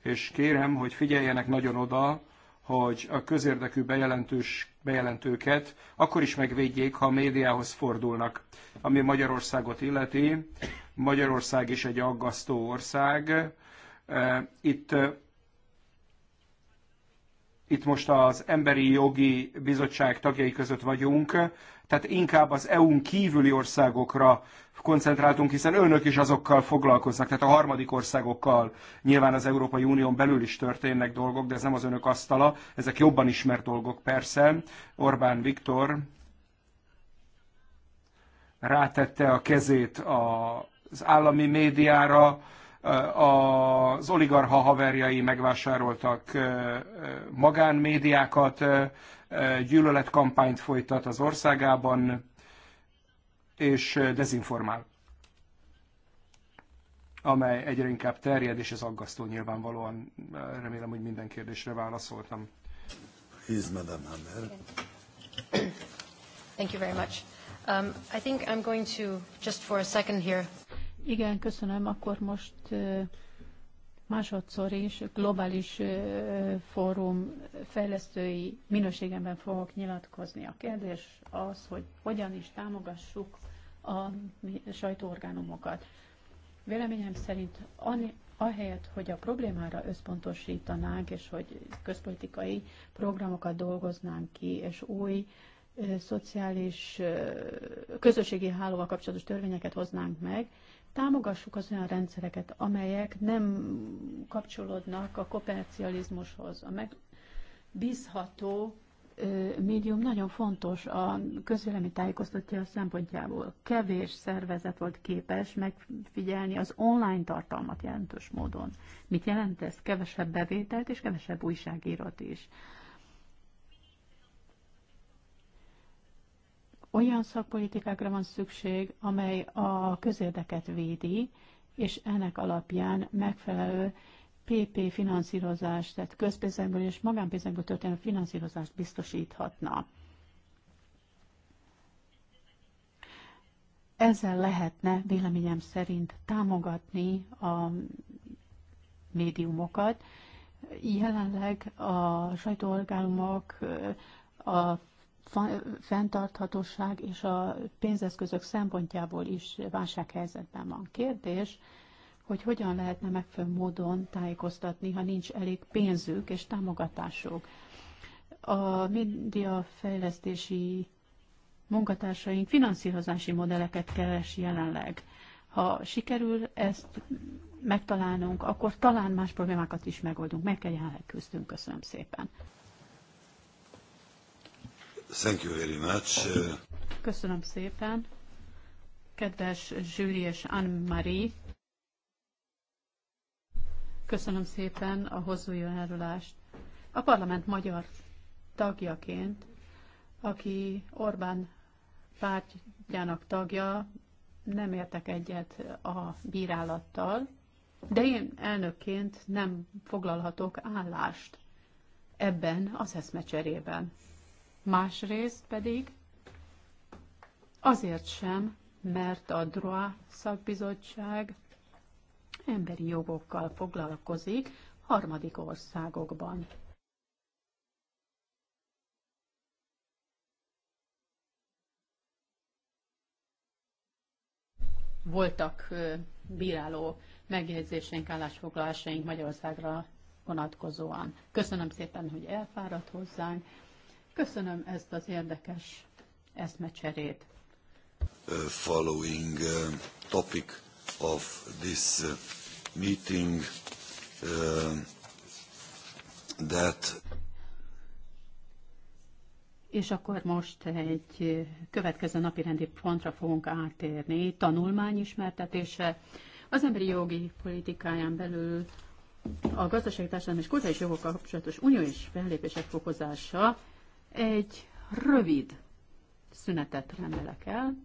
és kérem, hogy figyeljenek nagyon oda, hogy a közérdekű bejelentős, bejelentőket akkor is megvédjék, ha a médiához fordulnak. Ami Magyarországot illeti, Magyarország is egy aggasztó ország. Itt itt most az Emberi Jogi Bizottság tagjai között vagyunk, tehát inkább az EU-n kívüli országokra koncentráltunk, hiszen önök is azokkal foglalkoznak, tehát a harmadik országokkal nyilván az Európai Unión belül is történnek dolgok, de ez nem az önök asztala, ezek jobban ismert dolgok persze. Orbán Viktor rátette a kezét az állami médiára, Eh, az oligarha haverjai megvásároltak eh, eh, magánmédiákat, gyűlöletkampányt folytat az országában, és dezinformál, amely egyre inkább terjed, és ez aggasztó nyilvánvalóan. Remélem, hogy minden kérdésre válaszoltam. Please, Madame Hammer. Thank you very much. Um, I think I'm going to, just for a second here, igen, köszönöm. Akkor most másodszor is globális fórum fejlesztői minőségemben fogok nyilatkozni. A kérdés az, hogy hogyan is támogassuk a sajtóorgánumokat. Véleményem szerint ahelyett, hogy a problémára összpontosítanánk, és hogy közpolitikai programokat dolgoznánk ki, és új szociális, közösségi hálóval kapcsolatos törvényeket hoznánk meg, Támogassuk az olyan rendszereket, amelyek nem kapcsolódnak a kopercializmushoz. A megbízható médium nagyon fontos a közvélemény tájékoztatja szempontjából. Kevés szervezet volt képes megfigyelni az online tartalmat jelentős módon. Mit jelent ez? Kevesebb bevételt és kevesebb újságírót is. Olyan szakpolitikákra van szükség, amely a közérdeket védi, és ennek alapján megfelelő PP finanszírozást, tehát közpénzekből és magánpénzekből történő finanszírozást biztosíthatna. Ezzel lehetne véleményem szerint támogatni a médiumokat. Jelenleg a sajtóorgánumok a fenntarthatóság és a pénzeszközök szempontjából is válsághelyzetben van. Kérdés, hogy hogyan lehetne megfelelő módon tájékoztatni, ha nincs elég pénzük és támogatásuk. A médiafejlesztési munkatársaink finanszírozási modelleket keres jelenleg. Ha sikerül ezt megtalálnunk, akkor talán más problémákat is megoldunk. Meg kell jelenleg küzdünk. Köszönöm szépen. Thank you very much. Köszönöm szépen. Kedves Zsűri és Anne-Marie, köszönöm szépen a hozzájárulást. A parlament magyar tagjaként, aki Orbán pártjának tagja, nem értek egyet a bírálattal, de én elnökként nem foglalhatok állást ebben az eszmecserében másrészt pedig azért sem, mert a DROA szakbizottság emberi jogokkal foglalkozik harmadik országokban. Voltak bíráló megjegyzéseink, állásfoglalásaink Magyarországra vonatkozóan. Köszönöm szépen, hogy elfáradt hozzánk. Köszönöm ezt az érdekes eszmecserét. Uh, following uh, topic of this uh, meeting uh, that és akkor most egy uh, következő napi rendi pontra fogunk átérni, tanulmány ismertetése. Az emberi jogi politikáján belül a gazdasági, és kulturális jogokkal kapcsolatos uniós fellépések fokozása egy rövid szünetet rendelek el.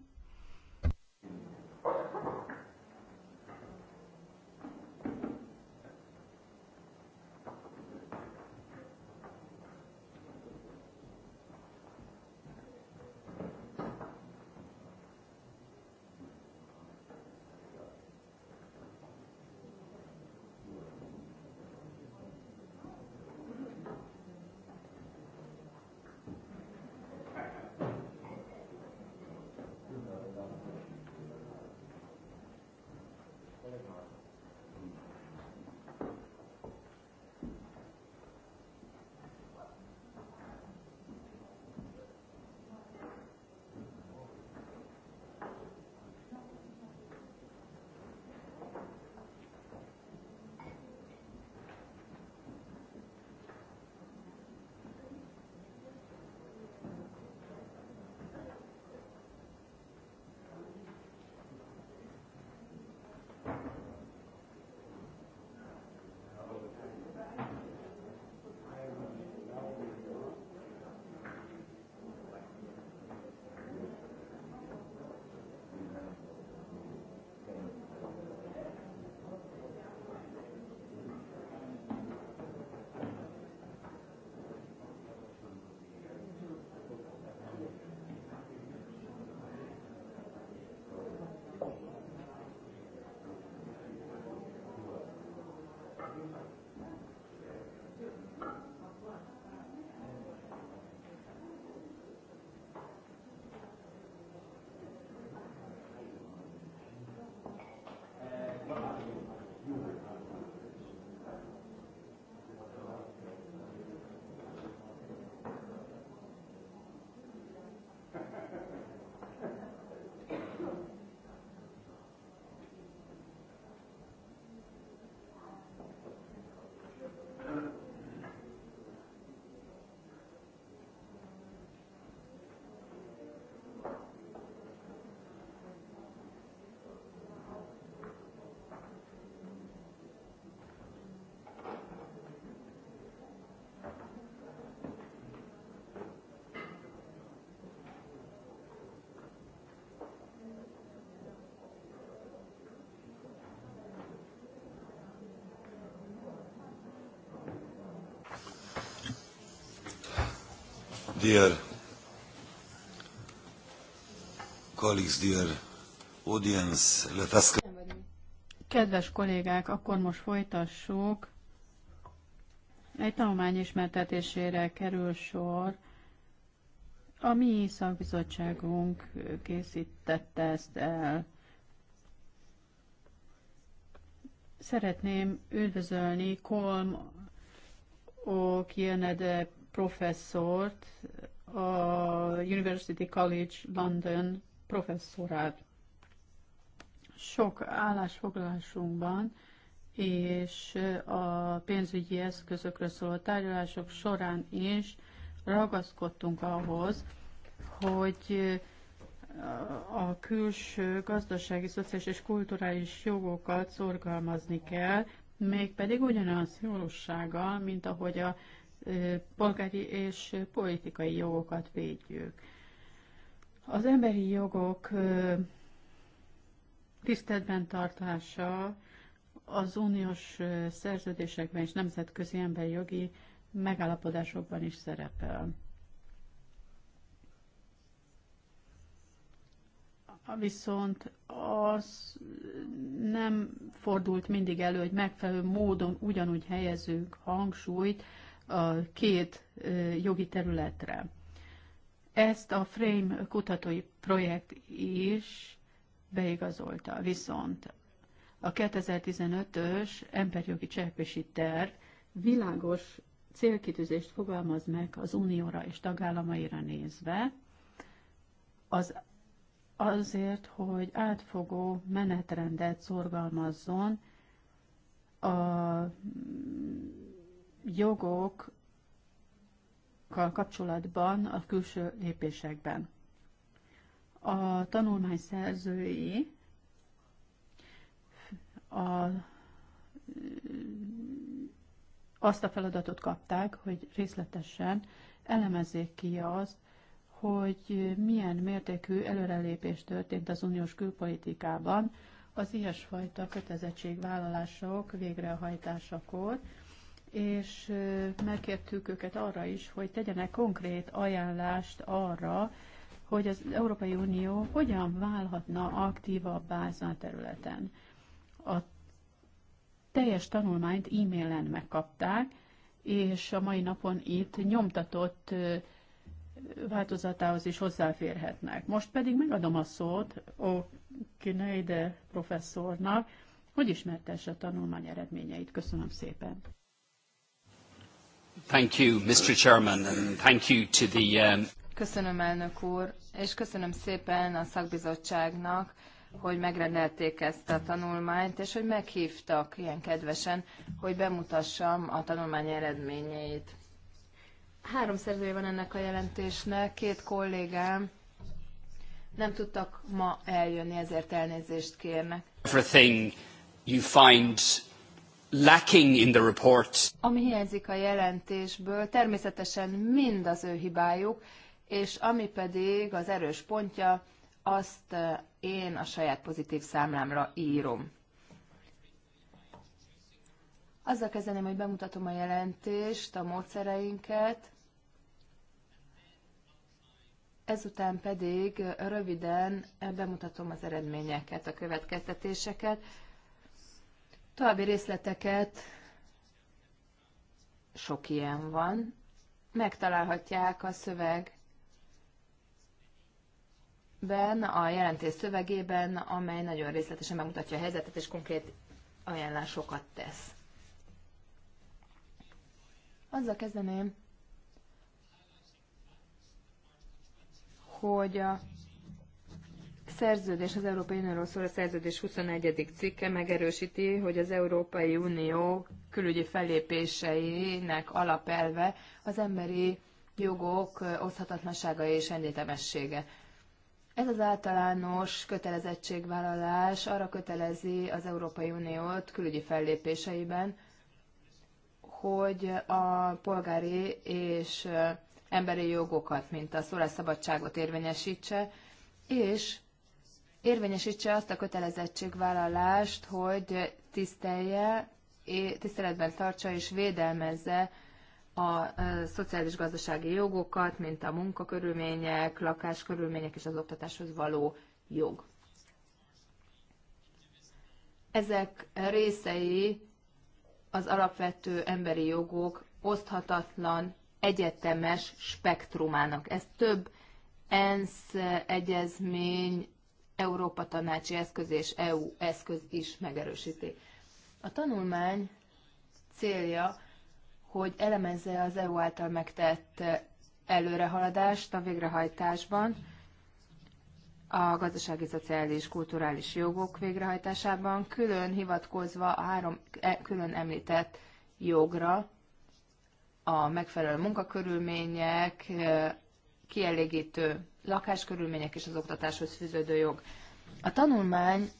Dear colleagues, dear audience, let us... Kedves kollégák, akkor most folytassuk. Egy tanulmány ismertetésére kerül sor. A mi szakbizottságunk készítette ezt el. Szeretném üdvözölni Kolm O'Kienede professzort, a University College London professzorát. Sok állásfoglalásunkban és a pénzügyi eszközökről szóló tárgyalások során is ragaszkodtunk ahhoz, hogy a külső gazdasági, szociális és kulturális jogokat szorgalmazni kell, mégpedig ugyanaz szigorúsággal, mint ahogy a polgári és politikai jogokat védjük. Az emberi jogok tiszteletben tartása az uniós szerződésekben és nemzetközi emberi jogi megállapodásokban is szerepel. Viszont az nem fordult mindig elő, hogy megfelelő módon ugyanúgy helyezünk hangsúlyt a két jogi területre. Ezt a Frame kutatói projekt is beigazolta. Viszont a 2015-ös emberjogi cselekvési terv világos célkitűzést fogalmaz meg az unióra és tagállamaira nézve, az azért, hogy átfogó menetrendet szorgalmazzon a jogokkal kapcsolatban a külső lépésekben. A tanulmány szerzői a, azt a feladatot kapták, hogy részletesen elemezzék ki azt, hogy milyen mértékű előrelépés történt az uniós külpolitikában az ilyesfajta kötelezettségvállalások végrehajtásakor, és megkértük őket arra is, hogy tegyenek konkrét ajánlást arra, hogy az Európai Unió hogyan válhatna aktívabb ezen területen. A teljes tanulmányt e-mailen megkapták, és a mai napon itt nyomtatott változatához is hozzáférhetnek. Most pedig megadom a szót a Kineide professzornak, hogy ismertesse a tanulmány eredményeit. Köszönöm szépen! Thank you, Mr. Chairman, and thank you to the... Um... Köszönöm, elnök úr, és köszönöm szépen a szakbizottságnak, hogy megrendelték ezt a tanulmányt, és hogy meghívtak ilyen kedvesen, hogy bemutassam a tanulmány eredményeit. Három szerzője van ennek a jelentésnek, két kollégám nem tudtak ma eljönni, ezért elnézést kérnek. Everything you find lacking in the report. Ami hiányzik a jelentésből, természetesen mind az ő hibájuk, és ami pedig az erős pontja, azt én a saját pozitív számlámra írom. Azzal kezdeném, hogy bemutatom a jelentést, a módszereinket, ezután pedig röviden bemutatom az eredményeket, a következtetéseket, További részleteket sok ilyen van. Megtalálhatják a szöveg ben, a jelentés szövegében, amely nagyon részletesen bemutatja a helyzetet és konkrét ajánlásokat tesz. Azzal kezdeném, hogy a szerződés, az Európai Unióról szól a szerződés 21. cikke megerősíti, hogy az Európai Unió külügyi fellépéseinek alapelve az emberi jogok oszthatatlansága és egyetemessége. Ez az általános kötelezettségvállalás arra kötelezi az Európai Uniót külügyi fellépéseiben, hogy a polgári és emberi jogokat, mint a szólásszabadságot érvényesítse, és érvényesítse azt a kötelezettségvállalást, hogy tisztelje, tiszteletben tartsa és védelmezze a szociális-gazdasági jogokat, mint a munkakörülmények, lakáskörülmények és az oktatáshoz való jog. Ezek részei az alapvető emberi jogok oszthatatlan, egyetemes spektrumának. Ez több ENSZ egyezmény Európa tanácsi eszköz és EU eszköz is megerősíti. A tanulmány célja, hogy elemezze az EU által megtett előrehaladást a végrehajtásban, a gazdasági, szociális, kulturális jogok végrehajtásában, külön hivatkozva a három e, külön említett jogra, a megfelelő munkakörülmények, kielégítő lakáskörülmények és az oktatáshoz fűződő jog. A tanulmány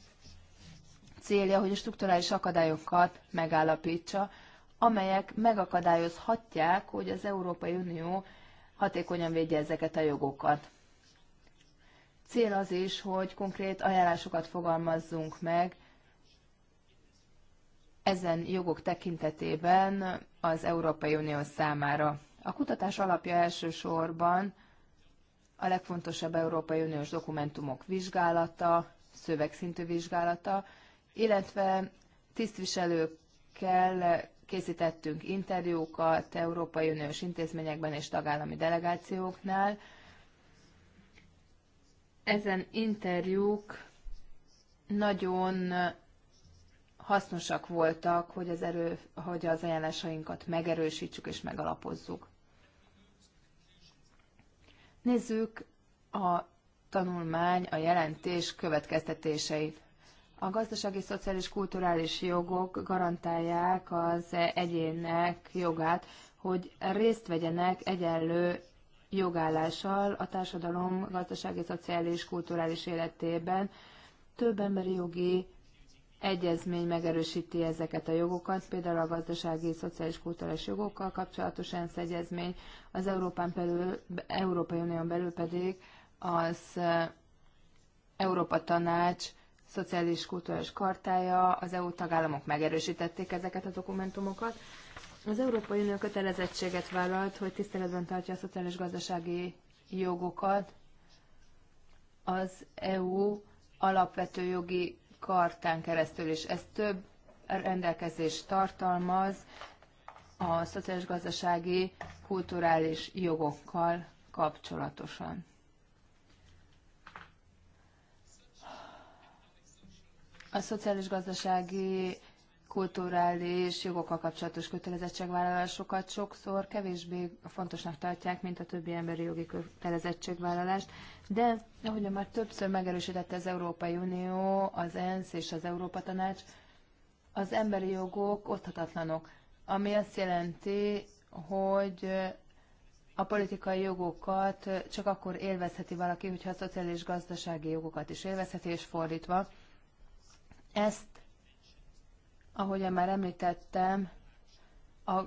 célja, hogy a strukturális akadályokat megállapítsa, amelyek megakadályozhatják, hogy az Európai Unió hatékonyan védje ezeket a jogokat. Cél az is, hogy konkrét ajánlásokat fogalmazzunk meg ezen jogok tekintetében az Európai Unió számára. A kutatás alapja elsősorban a legfontosabb Európai Uniós dokumentumok vizsgálata, szövegszintű vizsgálata, illetve tisztviselőkkel készítettünk interjúkat Európai Uniós intézményekben és tagállami delegációknál. Ezen interjúk nagyon hasznosak voltak, hogy az, erő, hogy az ajánlásainkat megerősítsük és megalapozzuk. Nézzük a tanulmány, a jelentés következtetéseit. A gazdasági, szociális, kulturális jogok garantálják az egyének jogát, hogy részt vegyenek egyenlő jogállással a társadalom gazdasági, szociális, kulturális életében. Több emberi jogi egyezmény megerősíti ezeket a jogokat, például a gazdasági, szociális, kulturális jogokkal kapcsolatos ENSZ egyezmény, az Európán belül, Európai Unión belül pedig az Európa Tanács szociális, kulturális kartája, az EU tagállamok megerősítették ezeket a dokumentumokat. Az Európai Unió kötelezettséget vállalt, hogy tiszteletben tartja a szociális gazdasági jogokat, az EU alapvető jogi kartán keresztül is. Ez több rendelkezés tartalmaz a szociális gazdasági kulturális jogokkal kapcsolatosan. A szociális gazdasági kulturális jogokkal kapcsolatos kötelezettségvállalásokat sokszor kevésbé fontosnak tartják, mint a többi emberi jogi kötelezettségvállalást. De, ahogy már többször megerősítette az Európai Unió, az ENSZ és az Európa Tanács, az emberi jogok otthatatlanok, ami azt jelenti, hogy a politikai jogokat csak akkor élvezheti valaki, hogyha a szociális gazdasági jogokat is élvezheti, és fordítva. Ezt, ahogyan már említettem, a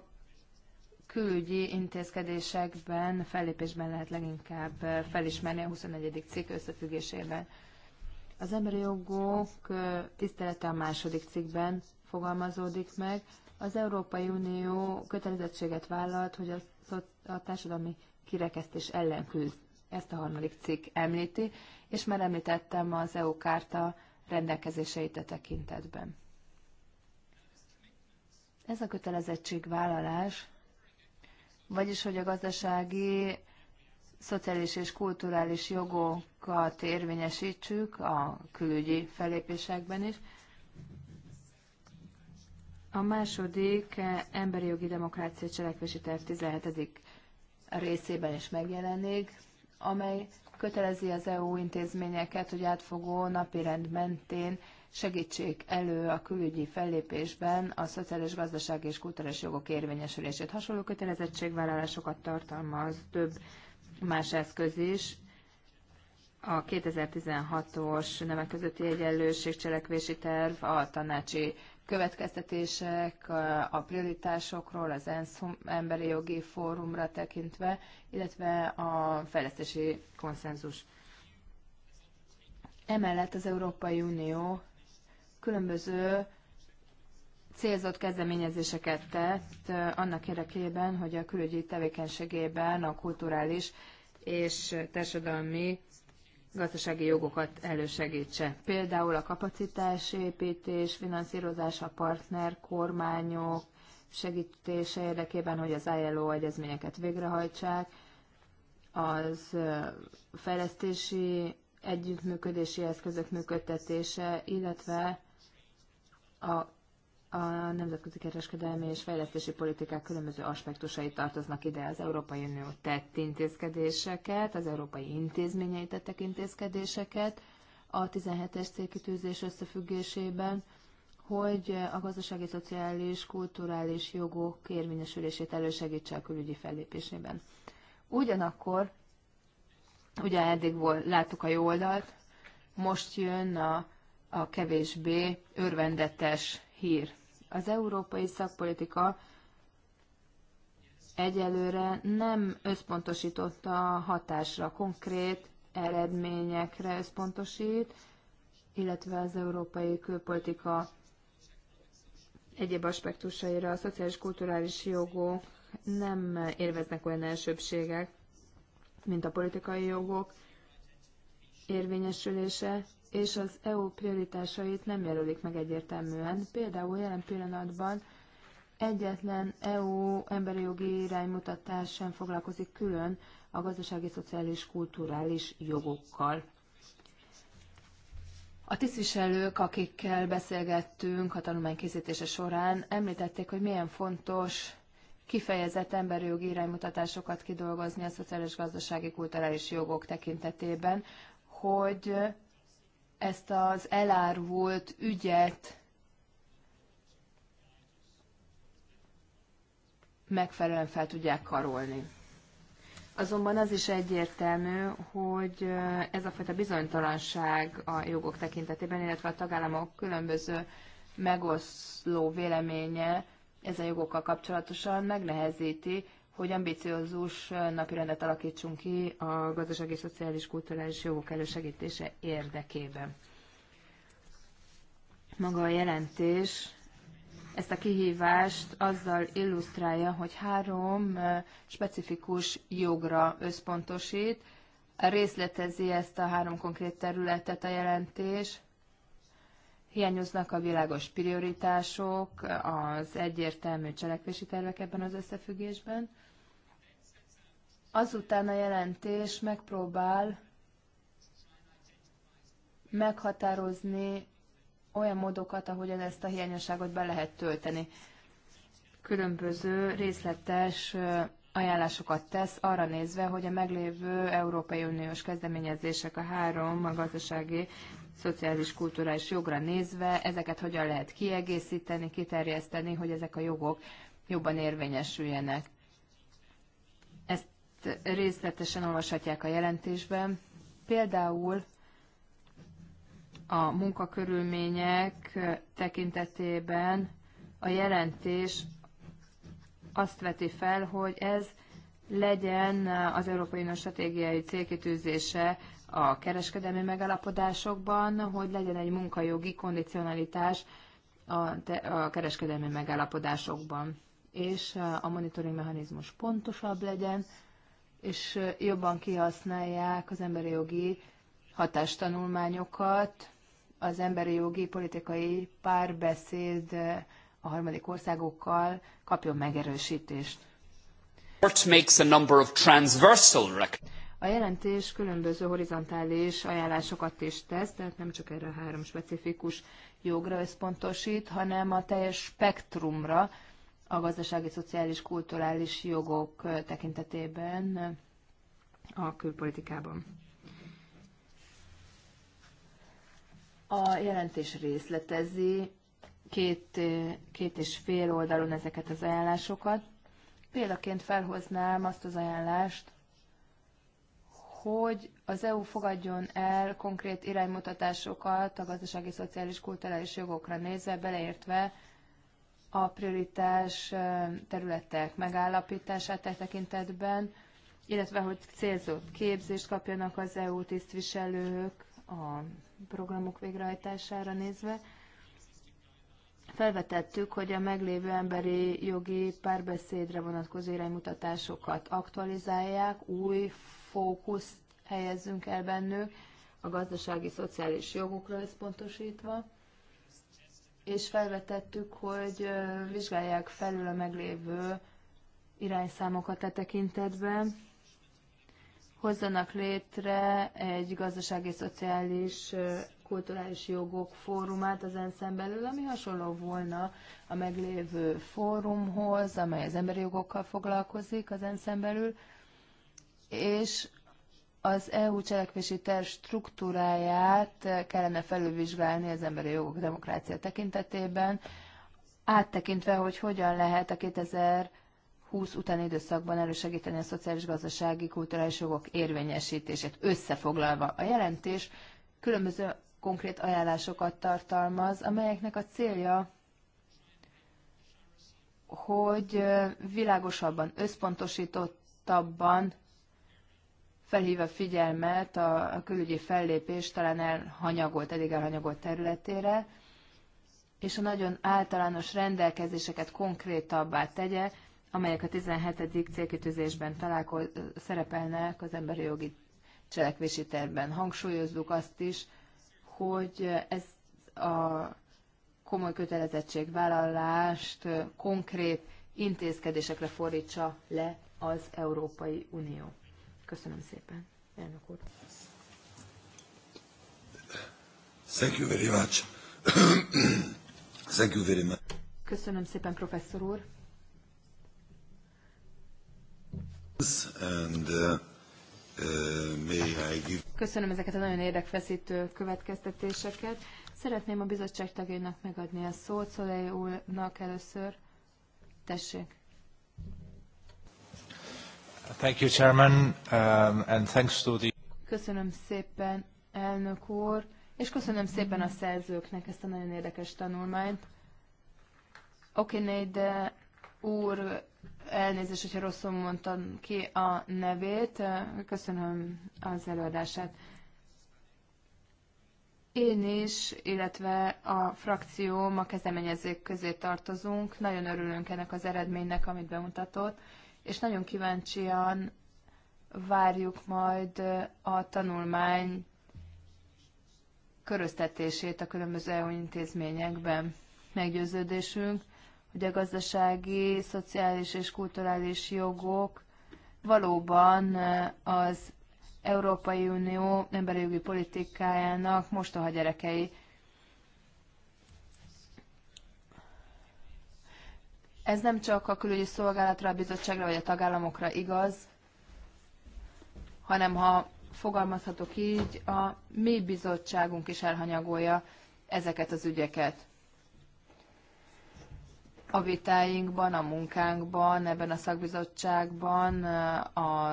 külügyi intézkedésekben, fellépésben lehet leginkább eh, felismerni a 21. cikk összefüggésében. Az emberi jogok eh, tisztelete a második cikkben fogalmazódik meg. Az Európai Unió kötelezettséget vállalt, hogy a, a társadalmi kirekesztés ellen küzd. Ezt a harmadik cikk említi, és már említettem az EU kárta rendelkezéseit a tekintetben. Ez a kötelezettségvállalás vagyis hogy a gazdasági, szociális és kulturális jogokat érvényesítsük a külügyi felépésekben is. A második eh, emberi jogi demokrácia cselekvési terv 17. részében is megjelenik, amely kötelezi az EU intézményeket, hogy átfogó napirend mentén segítsék elő a külügyi fellépésben a szociális, gazdaság és kulturális jogok érvényesülését. Hasonló kötelezettségvállalásokat tartalmaz több más eszköz is, a 2016-os nemek közötti egyenlőség cselekvési terv, a tanácsi következtetések a prioritásokról, az ENSZ emberi jogi fórumra tekintve, illetve a fejlesztési konszenzus. Emellett az Európai Unió különböző célzott kezdeményezéseket tett annak érdekében, hogy a külügyi tevékenységében a kulturális és társadalmi gazdasági jogokat elősegítse. Például a kapacitásépítés, finanszírozása, partner, kormányok segítése érdekében, hogy az ILO egyezményeket végrehajtsák, az fejlesztési együttműködési eszközök működtetése, illetve a a nemzetközi kereskedelmi és fejlesztési politikák különböző aspektusai tartoznak ide az Európai Unió tett intézkedéseket, az európai intézményei tettek intézkedéseket a 17-es célkitűzés összefüggésében, hogy a gazdasági, szociális, kulturális jogok érvényesülését elősegítse a külügyi fellépésében. Ugyanakkor, ugye eddig volt, láttuk a jó oldalt, most jön a a kevésbé örvendetes hír. Az európai szakpolitika egyelőre nem összpontosította a hatásra, konkrét eredményekre összpontosít, illetve az európai külpolitika egyéb aspektusaira a szociális kulturális jogok nem érveznek olyan elsőbségek, mint a politikai jogok érvényesülése, és az EU prioritásait nem jelölik meg egyértelműen. Például jelen pillanatban egyetlen EU emberi jogi iránymutatás sem foglalkozik külön a gazdasági, szociális, kulturális jogokkal. A tisztviselők, akikkel beszélgettünk a tanulmánykészítése során, említették, hogy milyen fontos kifejezett emberi jogi iránymutatásokat kidolgozni a szociális, gazdasági, kulturális jogok tekintetében, hogy ezt az elárvult ügyet megfelelően fel tudják karolni. Azonban az is egyértelmű, hogy ez a fajta bizonytalanság a jogok tekintetében, illetve a tagállamok különböző megoszló véleménye ezen jogokkal kapcsolatosan megnehezíti hogy ambiciózus napirendet alakítsunk ki a gazdasági, szociális, kulturális jogok elősegítése érdekében. Maga a jelentés ezt a kihívást azzal illusztrálja, hogy három specifikus jogra összpontosít, részletezi ezt a három konkrét területet a jelentés, Hiányoznak a világos prioritások, az egyértelmű cselekvési tervek ebben az összefüggésben. Azután a jelentés megpróbál meghatározni olyan módokat, ahogyan ezt a hiányosságot be lehet tölteni. Különböző részletes ajánlásokat tesz arra nézve, hogy a meglévő Európai Uniós kezdeményezések a három, a gazdasági, szociális, kulturális jogra nézve, ezeket hogyan lehet kiegészíteni, kiterjeszteni, hogy ezek a jogok jobban érvényesüljenek részletesen olvashatják a jelentésben. Például a munkakörülmények tekintetében a jelentés azt veti fel, hogy ez legyen az Európai Unió stratégiai célkitűzése a kereskedelmi megállapodásokban, hogy legyen egy munkajogi kondicionalitás a, te, a kereskedelmi megállapodásokban, és a monitoring mechanizmus pontosabb legyen, és jobban kihasználják az emberi jogi hatástanulmányokat, az emberi jogi politikai párbeszéd a harmadik országokkal kapjon megerősítést. A jelentés különböző horizontális ajánlásokat is tesz, tehát nem csak erre a három specifikus jogra összpontosít, hanem a teljes spektrumra, a gazdasági, szociális, kulturális jogok tekintetében a külpolitikában. A jelentés részletezi két, két és fél oldalon ezeket az ajánlásokat. Példaként felhoznám azt az ajánlást, hogy az EU fogadjon el konkrét iránymutatásokat a gazdasági, szociális, kulturális jogokra nézve, beleértve a prioritás területek megállapítását e tekintetben, illetve hogy célzott képzést kapjanak az EU tisztviselők a programok végrehajtására nézve. Felvetettük, hogy a meglévő emberi jogi párbeszédre vonatkozó iránymutatásokat aktualizálják, új fókuszt helyezzünk el bennük, a gazdasági-szociális jogokra összpontosítva és felvetettük, hogy vizsgálják felül a meglévő irányszámokat a e tekintetben, hozzanak létre egy gazdasági, szociális, kulturális jogok fórumát az ensz belül, ami hasonló volna a meglévő fórumhoz, amely az emberi jogokkal foglalkozik az ensz belül, és az EU cselekvési terv struktúráját kellene felülvizsgálni az emberi jogok demokrácia tekintetében, áttekintve, hogy hogyan lehet a 2020 utáni időszakban elősegíteni a szociális, gazdasági, kulturális jogok érvényesítését összefoglalva. A jelentés különböző konkrét ajánlásokat tartalmaz, amelyeknek a célja, hogy világosabban, összpontosítottabban felhív a figyelmet a, a külügyi fellépés talán elhanyagolt, eddig elhanyagolt területére, és a nagyon általános rendelkezéseket konkrétabbá tegye, amelyek a 17. célkitűzésben találkoz, szerepelnek az emberi jogi cselekvési tervben. Hangsúlyozzuk azt is, hogy ez a komoly kötelezettségvállalást konkrét intézkedésekre fordítsa le az Európai Unió. Köszönöm szépen, elnök úr. Thank you very much. Thank you very much. Köszönöm szépen, professzor úr. And, uh, uh, give... Köszönöm ezeket a nagyon érdekfeszítő következtetéseket. Szeretném a bizottság tagjainak megadni a szót, Szolei úrnak először. Tessék. Thank you, Chairman, um, and thanks to the... Köszönöm szépen, elnök úr, és köszönöm szépen a szerzőknek ezt a nagyon érdekes tanulmányt. Oké, okay, de eh, úr, elnézést, hogyha rosszul mondtam ki a nevét. Eh, köszönöm az előadását. Én is, illetve a frakcióm a kezdeményezők közé tartozunk. Nagyon örülünk ennek az eredménynek, amit bemutatott és nagyon kíváncsian várjuk majd a tanulmány köröztetését a különböző EU intézményekben. Meggyőződésünk, hogy a gazdasági, szociális és kulturális jogok valóban az Európai Unió emberi jogi politikájának mostoha gyerekei. Ez nem csak a külügyi szolgálatra, a bizottságra vagy a tagállamokra igaz, hanem ha fogalmazhatok így, a mi bizottságunk is elhanyagolja ezeket az ügyeket. A vitáinkban, a munkánkban, ebben a szakbizottságban eh,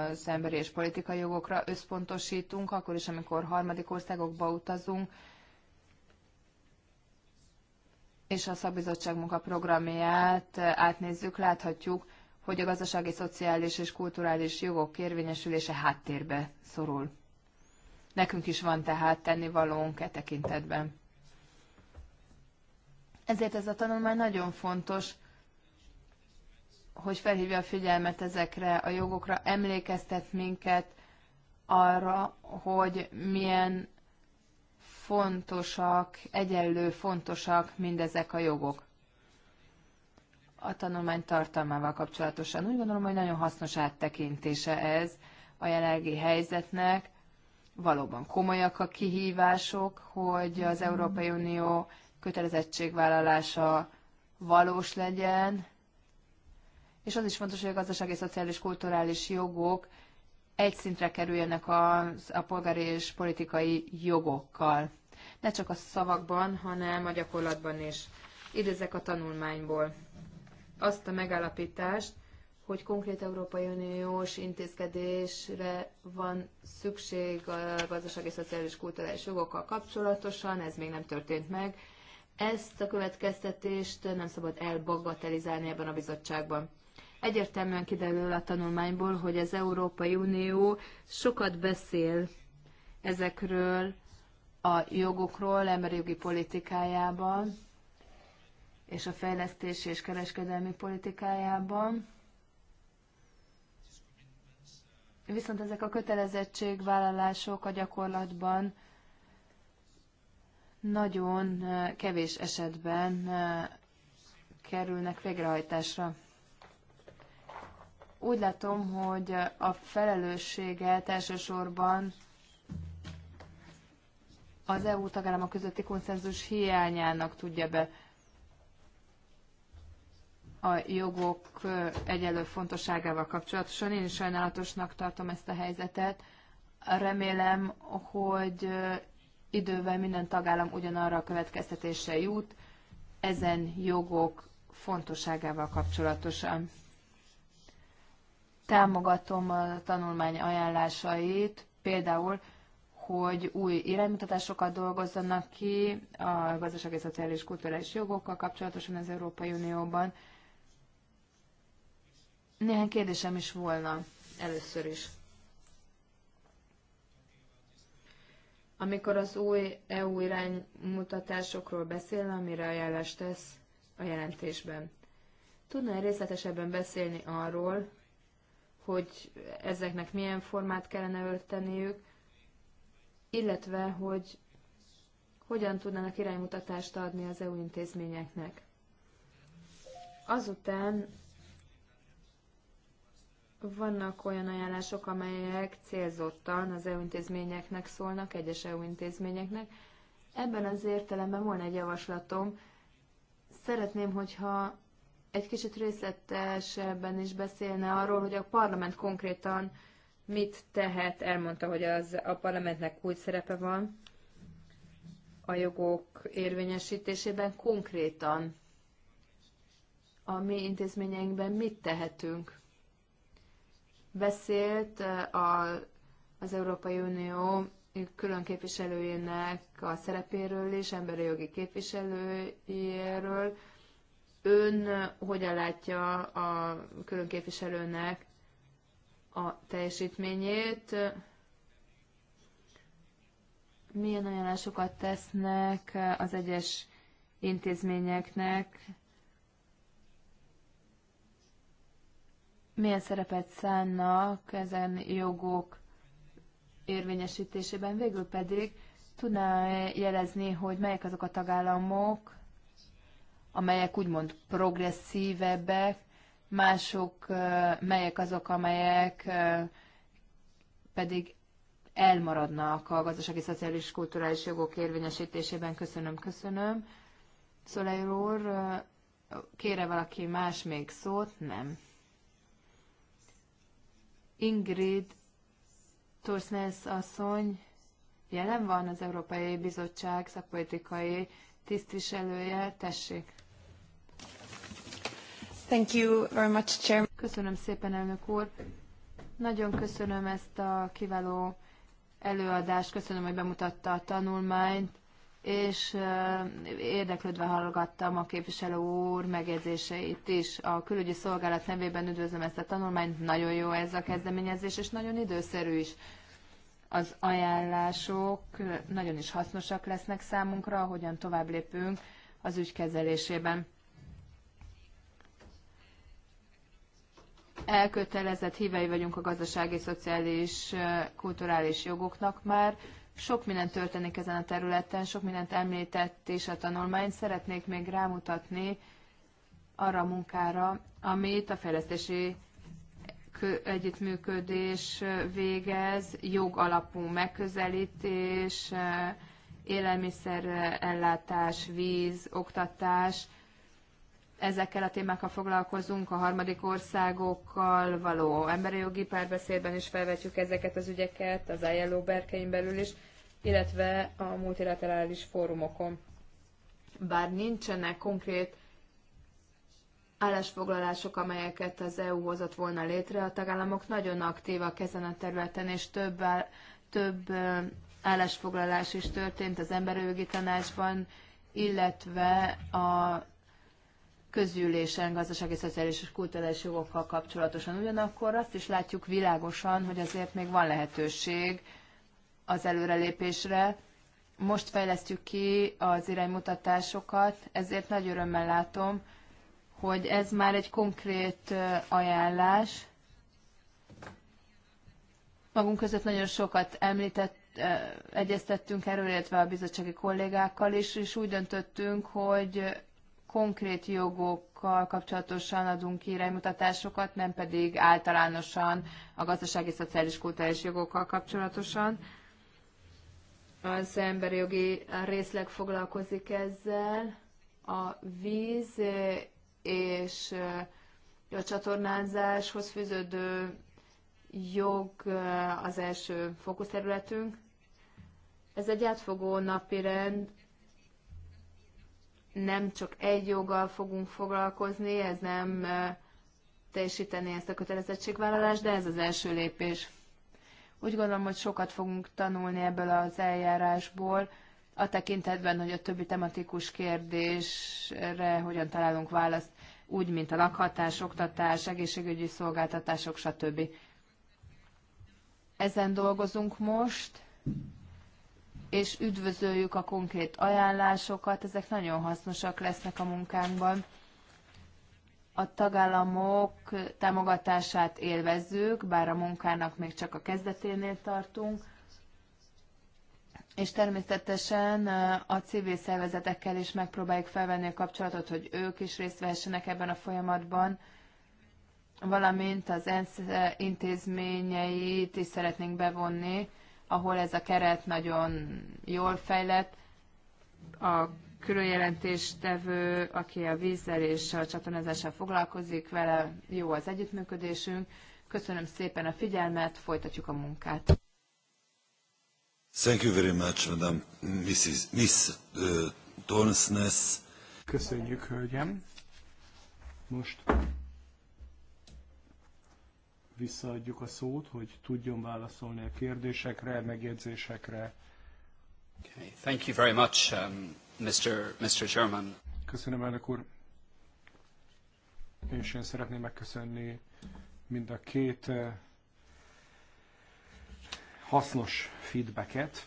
az emberi és politikai jogokra összpontosítunk, akkor is, amikor harmadik országokba utazunk, és a szakbizottság munkaprogramját átnézzük, láthatjuk, hogy a gazdasági, szociális és kulturális jogok érvényesülése háttérbe szorul. Nekünk is van tehát tennivalónk e tekintetben. Ezért ez a tanulmány nagyon fontos, hogy felhívja a figyelmet ezekre a jogokra, emlékeztet minket arra, hogy milyen fontosak, egyenlő fontosak mindezek a jogok. A tanulmány tartalmával kapcsolatosan úgy gondolom, hogy nagyon hasznos áttekintése ez a jelenlegi helyzetnek. Valóban komolyak a kihívások, hogy az Európai Unió kötelezettségvállalása valós legyen, és az is fontos, hogy a gazdasági, szociális, kulturális jogok egy szintre kerüljenek a, a polgári és politikai jogokkal. Ne csak a szavakban, hanem a gyakorlatban is. Idézek a tanulmányból. Azt a megállapítást, hogy konkrét Európai Uniós intézkedésre van szükség a gazdasági, szociális, kulturális jogokkal kapcsolatosan, ez még nem történt meg. Ezt a következtetést nem szabad elbagatelizálni ebben a bizottságban. Egyértelműen kiderül a tanulmányból, hogy az Európai Unió sokat beszél ezekről a jogokról, emberi jogi politikájában, és a fejlesztési és kereskedelmi politikájában. Viszont ezek a kötelezettségvállalások a gyakorlatban nagyon eh, kevés esetben eh, kerülnek végrehajtásra. Úgy látom, hogy a felelősséget elsősorban az EU tagállamok közötti konszenzus hiányának tudja be a jogok egyelő fontosságával kapcsolatosan. Én is sajnálatosnak tartom ezt a helyzetet. Remélem, hogy idővel minden tagállam ugyanarra a következtetésre jut ezen jogok fontosságával kapcsolatosan. Támogatom a tanulmány ajánlásait, például, hogy új iránymutatásokat dolgozzanak ki a gazdasági, szociális, kulturális jogokkal kapcsolatosan az Európai Unióban. Néhány kérdésem is volna először is. Amikor az új EU iránymutatásokról beszél, amire ajánlást tesz a jelentésben, tudna -e részletesebben beszélni arról, hogy ezeknek milyen formát kellene ölteniük, illetve hogy hogyan tudnának iránymutatást adni az EU intézményeknek. Azután vannak olyan ajánlások, amelyek célzottan az EU intézményeknek szólnak, egyes EU intézményeknek. Ebben az értelemben van egy javaslatom. Szeretném, hogyha egy kicsit részletesebben is beszélne arról, hogy a parlament konkrétan mit tehet, elmondta, hogy az a parlamentnek úgy szerepe van a jogok érvényesítésében konkrétan a mi intézményeinkben mit tehetünk. Beszélt eh, a, az Európai Unió külön képviselőjének a szerepéről és emberi jogi képviselőjéről, Ön eh, hogyan látja a különképviselőnek a teljesítményét? Milyen ajánlásokat tesznek eh, az egyes intézményeknek? Milyen szerepet szánnak ezen jogok érvényesítésében? Végül pedig tudná jelezni, hogy melyek azok a tagállamok, amelyek úgymond progresszívebbek, mások, melyek azok, amelyek pedig elmaradnak a gazdasági, szociális, kulturális jogok érvényesítésében. Köszönöm, köszönöm. Szoleil úr, kére valaki más még szót? Nem. Ingrid Torsnes asszony jelen van az Európai Bizottság szakpolitikai tisztviselője. Tessék. Thank you very much, Chair. Köszönöm szépen, elnök úr. Nagyon köszönöm ezt a kiváló előadást, köszönöm, hogy bemutatta a tanulmányt, és eh, érdeklődve hallgattam a képviselő úr megjegyzéseit is. A külügyi szolgálat nevében üdvözlöm ezt a tanulmányt, nagyon jó ez a kezdeményezés, és nagyon időszerű is. Az ajánlások nagyon is hasznosak lesznek számunkra, ahogyan tovább lépünk az ügykezelésében. elkötelezett hívei vagyunk a gazdasági, szociális, kulturális jogoknak már. Sok minden történik ezen a területen, sok mindent említett és a tanulmány. Szeretnék még rámutatni arra a munkára, amit a fejlesztési együttműködés végez, jogalapú megközelítés, élelmiszerellátás, víz, oktatás – ezekkel a témákkal foglalkozunk, a harmadik országokkal való emberi jogi párbeszédben is felvetjük ezeket az ügyeket, az ILO berkein belül is, illetve a multilaterális fórumokon. Bár nincsenek konkrét állásfoglalások, amelyeket az EU hozott volna létre, a tagállamok nagyon aktívak ezen a területen, és több, több állásfoglalás is történt az emberi jogi tanácsban, illetve a közgyűlésen, gazdasági, szociális és kulturális jogokkal kapcsolatosan. Ugyanakkor azt is látjuk világosan, hogy azért még van lehetőség az előrelépésre. Most fejlesztjük ki az iránymutatásokat, ezért nagy örömmel látom, hogy ez már egy konkrét ajánlás. Magunk között nagyon sokat említett, egyeztettünk erről, illetve a bizottsági kollégákkal is, és úgy döntöttünk, hogy konkrét jogokkal kapcsolatosan adunk iránymutatásokat, nem pedig általánosan a gazdasági, szociális, kultúrás jogokkal kapcsolatosan. Az emberi jogi részleg foglalkozik ezzel. A víz eh, és eh, a csatornázáshoz fűződő jog eh, az első fókuszterületünk. Ez egy átfogó napirend, nem csak egy joggal fogunk foglalkozni, ez nem teljesíteni ezt a kötelezettségvállalást, de ez az első lépés. Úgy gondolom, hogy sokat fogunk tanulni ebből az eljárásból, a tekintetben, hogy a többi tematikus kérdésre hogyan találunk választ, úgy, mint a lakhatás, oktatás, egészségügyi szolgáltatások, stb. Ezen dolgozunk most és üdvözöljük a konkrét ajánlásokat, ezek nagyon hasznosak lesznek a munkánkban. A tagállamok támogatását élvezzük, bár a munkának még csak a kezdeténél tartunk, és természetesen a civil szervezetekkel is megpróbáljuk felvenni a kapcsolatot, hogy ők is részt vehessenek ebben a folyamatban, valamint az ENSZ intézményeit is szeretnénk bevonni, ahol ez a keret nagyon jól fejlett. A különjelentéstevő, aki a vízzel és a csatornázással foglalkozik, vele jó az együttműködésünk. Köszönöm szépen a figyelmet, folytatjuk a munkát. Thank you very much, Madam Mrs. Miss uh, Köszönjük, hölgyem. Most visszaadjuk a szót, hogy tudjon válaszolni a kérdésekre, megjegyzésekre. Okay. Thank you very much, um, Mr. Mr. Chairman. Köszönöm, elnök úr. És én szeretném megköszönni mind a két eh, hasznos feedbacket.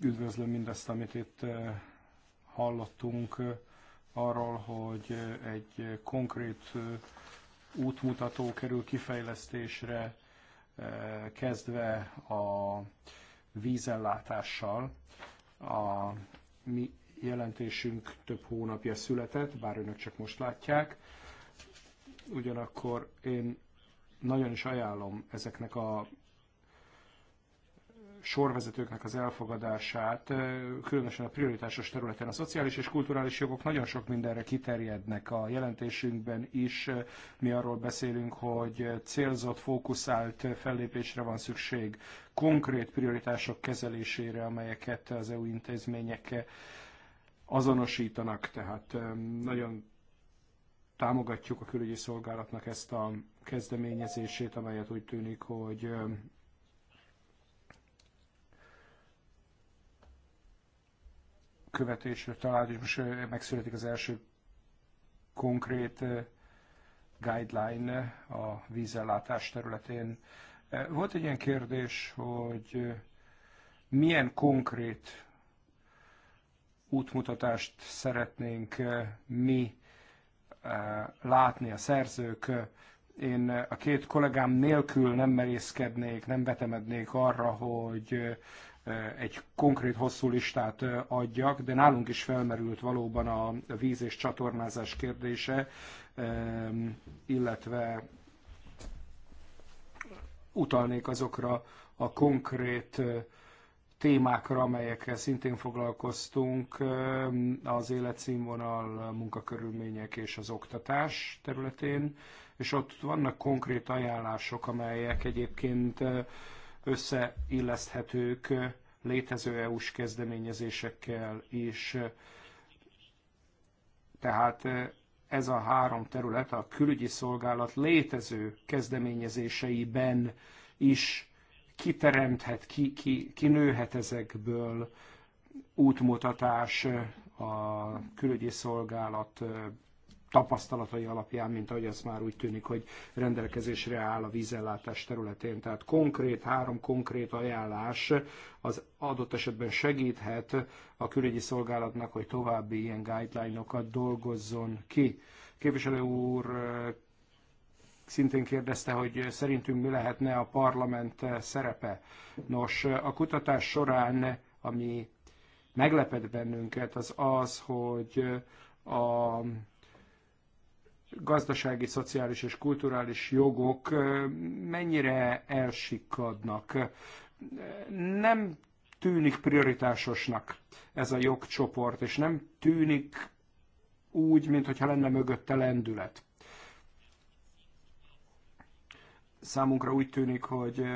Üdvözlöm mindezt, amit itt eh, hallottunk eh, arról, hogy egy konkrét útmutató kerül kifejlesztésre, eh, kezdve a vízellátással. A mi jelentésünk több hónapja született, bár önök csak most látják. Ugyanakkor én nagyon is ajánlom ezeknek a sorvezetőknek az elfogadását, különösen a prioritásos területen a szociális és kulturális jogok nagyon sok mindenre kiterjednek. A jelentésünkben is mi arról beszélünk, hogy célzott, fókuszált fellépésre van szükség, konkrét prioritások kezelésére, amelyeket az EU intézmények azonosítanak, tehát nagyon támogatjuk a külügyi szolgálatnak ezt a kezdeményezését, amelyet úgy tűnik, hogy követésre talált, és most megszületik az első konkrét guideline a vízellátás területén. Volt egy ilyen kérdés, hogy milyen konkrét útmutatást szeretnénk mi látni a szerzők. Én a két kollégám nélkül nem merészkednék, nem vetemednék arra, hogy Eh, egy konkrét hosszú listát eh, adjak, de nálunk is felmerült valóban a víz és csatornázás kérdése, illetve utalnék azokra a konkrét eh, témákra, amelyekkel szintén foglalkoztunk, az életszínvonal, munkakörülmények és az oktatás területén, és ott vannak konkrét ajánlások, amelyek egyébként összeilleszthetők létező EU-s kezdeményezésekkel is. Tehát eh, ez a három terület a külügyi szolgálat létező kezdeményezéseiben is kiteremthet, ki, ki, kinőhet ezekből útmutatás eh, a külügyi szolgálat eh, tapasztalatai alapján, mint ahogy ez már úgy tűnik, hogy rendelkezésre áll a vízellátás területén. Tehát konkrét, három konkrét ajánlás az adott esetben segíthet a külügyi szolgálatnak, hogy további ilyen guideline-okat dolgozzon ki. Képviselő úr szintén kérdezte, hogy szerintünk mi lehetne a parlament szerepe. Nos, a kutatás során, ami meglepet bennünket, az az, hogy a gazdasági, szociális és kulturális jogok mennyire elsikadnak. Nem tűnik prioritásosnak ez a jogcsoport, és nem tűnik úgy, mintha lenne mögötte lendület. Számunkra úgy tűnik, hogy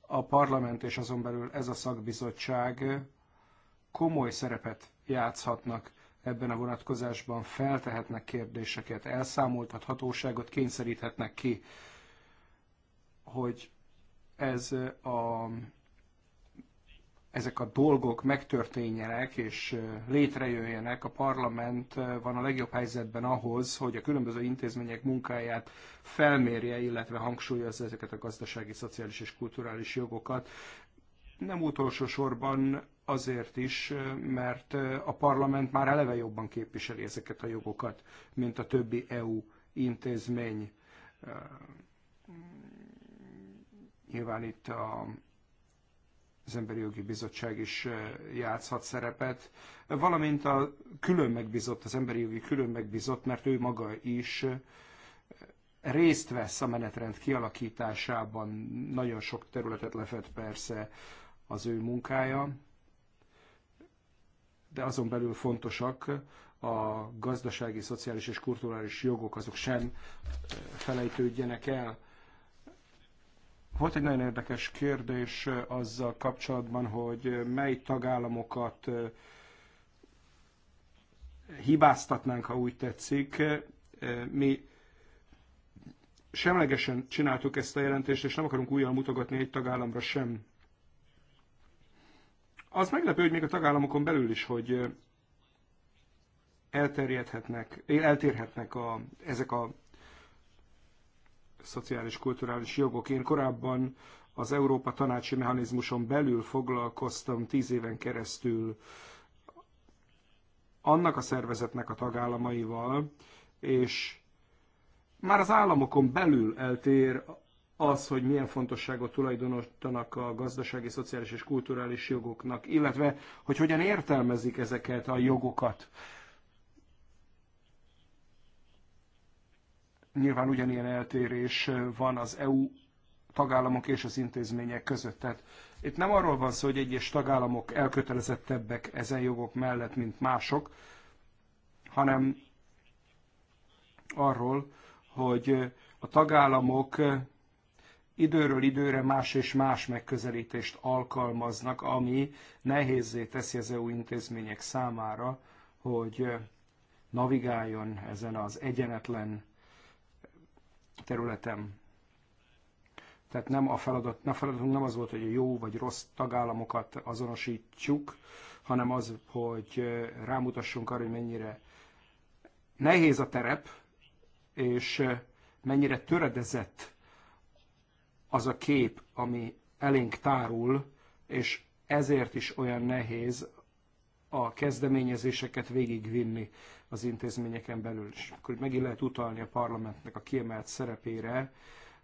a parlament és azon belül ez a szakbizottság komoly szerepet játszhatnak ebben a vonatkozásban feltehetnek kérdéseket, Elszámoltat hatóságot kényszeríthetnek ki, hogy ez a, ezek a dolgok megtörténjenek és létrejöjjenek, a parlament van a legjobb helyzetben ahhoz, hogy a különböző intézmények munkáját felmérje, illetve hangsúlyozza ezeket a gazdasági, szociális és kulturális jogokat. Nem utolsó sorban azért is, mert a parlament már eleve jobban képviseli ezeket a jogokat, mint a többi EU intézmény. Nyilván itt a, az Emberi Jogi Bizottság is játszhat szerepet, valamint a külön megbizott, az Emberi Jogi külön megbizott, mert ő maga is részt vesz a menetrend kialakításában, nagyon sok területet lefed persze az ő munkája de azon belül fontosak a gazdasági, szociális és kulturális jogok, azok sem felejtődjenek el. Volt egy nagyon érdekes kérdés azzal kapcsolatban, hogy mely tagállamokat hibáztatnánk, ha úgy tetszik. Mi semlegesen csináltuk ezt a jelentést, és nem akarunk újra mutogatni egy tagállamra sem. Az meglepő, hogy még a tagállamokon belül is, hogy eh, elterjedhetnek, eh, eltérhetnek a, ezek a szociális-kulturális jogok. Én korábban az Európa tanácsi mechanizmuson belül foglalkoztam tíz éven keresztül annak a szervezetnek a tagállamaival, és már az államokon belül eltér az, hogy milyen fontosságot tulajdonítanak a gazdasági, szociális és kulturális jogoknak, illetve hogy hogyan értelmezik ezeket a jogokat. Nyilván ugyanilyen eltérés van az EU tagállamok és az intézmények között. Tehát itt nem arról van szó, hogy egyes tagállamok elkötelezettebbek ezen jogok mellett, mint mások, hanem arról, hogy a tagállamok időről időre más és más megközelítést alkalmaznak, ami nehézé teszi az EU intézmények számára, hogy navigáljon ezen az egyenetlen területen. Tehát nem a, feladat, a feladatunk nem az volt, hogy a jó vagy rossz tagállamokat azonosítsuk, hanem az, hogy rámutassunk arra, hogy mennyire nehéz a terep, és mennyire töredezett az a kép, ami elénk tárul, és ezért is olyan nehéz a kezdeményezéseket végigvinni az intézményeken belül. És akkor megint lehet utalni a parlamentnek a kiemelt szerepére,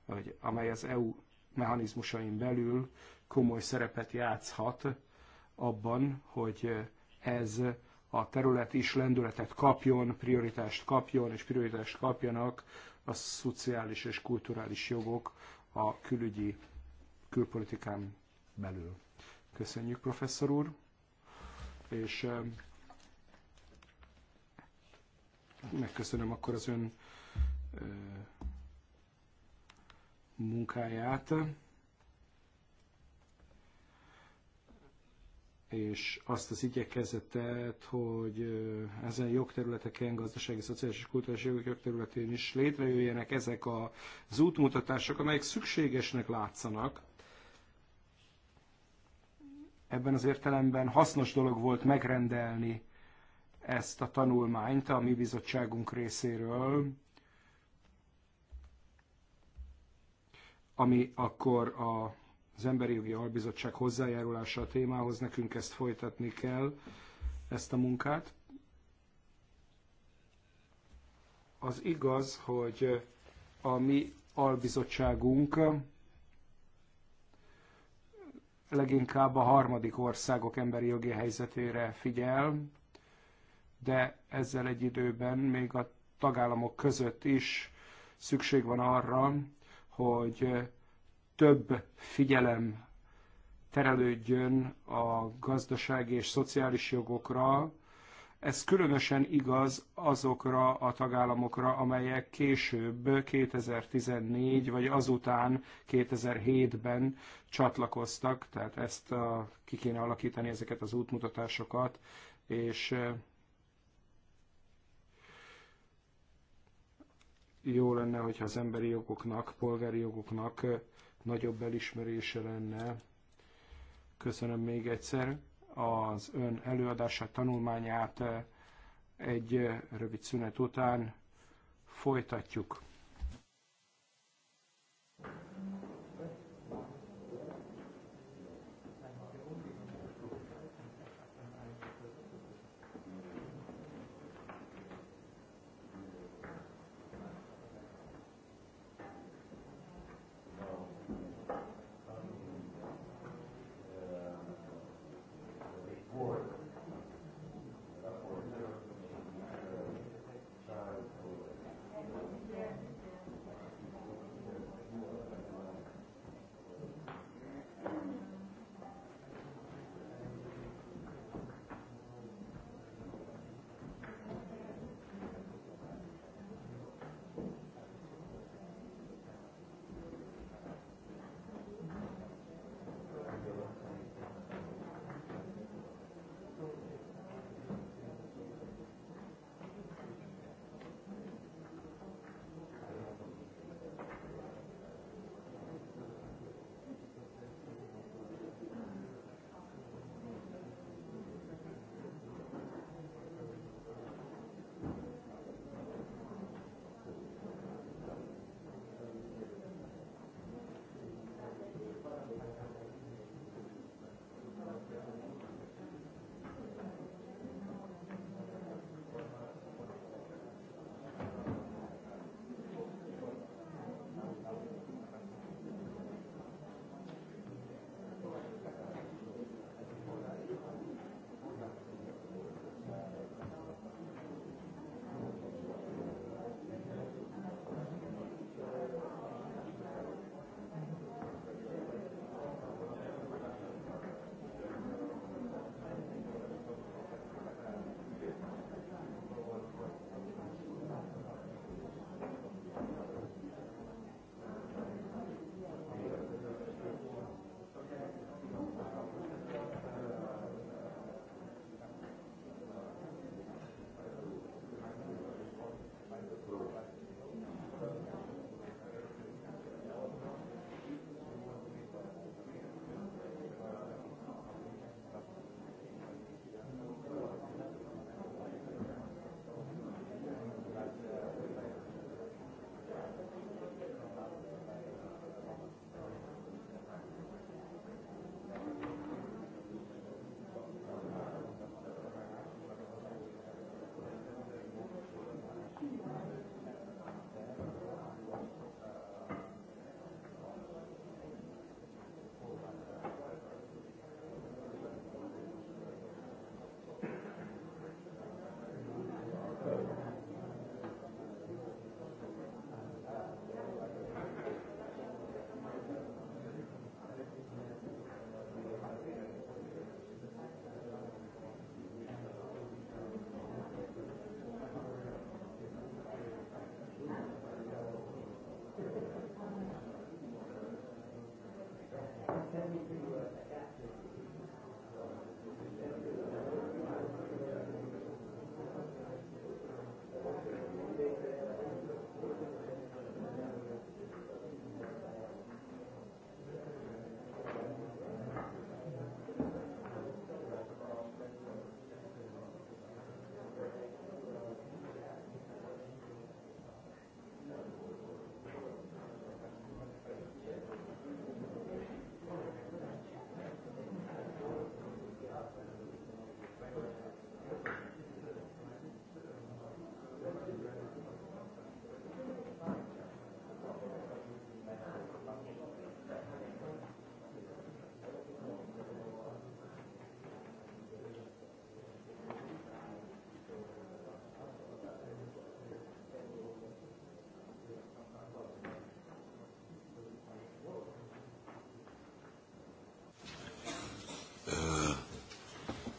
hogy amely az EU mechanizmusain belül komoly szerepet játszhat abban, hogy ez a terület is lendületet kapjon, prioritást kapjon, és prioritást kapjanak a szociális és kulturális jogok a külügyi külpolitikán belül. Köszönjük, professzor úr, és megköszönöm akkor az ön munkáját. és azt az igyekezetet, hogy ezen jogterületeken, gazdasági, szociális és kulturális jogterületén is létrejöjjenek ezek az útmutatások, amelyek szükségesnek látszanak. Ebben az értelemben hasznos dolog volt megrendelni ezt a tanulmányt a mi bizottságunk részéről, ami akkor a az Emberi Jogi Albizottság hozzájárulása a témához, nekünk ezt folytatni kell, ezt a munkát. Az igaz, hogy a mi albizottságunk leginkább a harmadik országok emberi jogi helyzetére figyel, de ezzel egy időben még a tagállamok között is szükség van arra, hogy több figyelem terelődjön a gazdasági és szociális jogokra. Ez különösen igaz azokra a tagállamokra, amelyek később 2014 vagy azután 2007-ben csatlakoztak, tehát ezt a, ki kéne alakítani ezeket az útmutatásokat, és eh, jó lenne, hogyha az emberi jogoknak, polgári jogoknak eh, nagyobb elismerése lenne. Köszönöm még egyszer az ön előadását, tanulmányát egy rövid szünet után folytatjuk.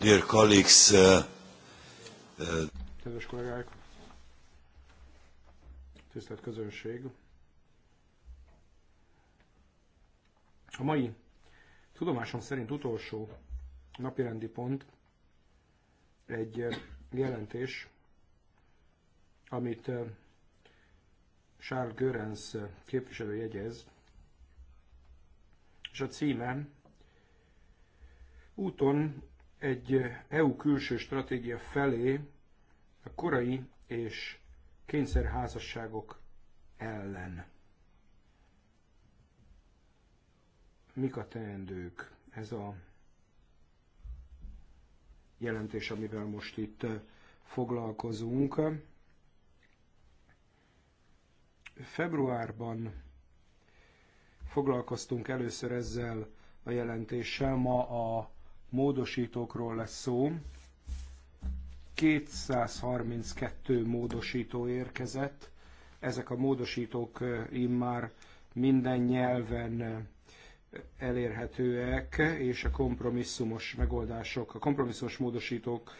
Dear colleagues, uh, uh, Kedves kollégák, tisztelt közönség, a mai tudomásom szerint utolsó napirendi pont egy uh, jelentés, amit Charles Görens képviselő jegyez, és a címe Úton egy EU külső stratégia felé a korai és kényszerházasságok ellen. Mik a teendők? Ez a jelentés, amivel most itt foglalkozunk. Februárban foglalkoztunk először ezzel a jelentéssel, ma a módosítókról lesz szó. 232 módosító érkezett. Ezek a módosítók immár minden nyelven elérhetőek, és a kompromisszumos megoldások, a kompromisszumos módosítók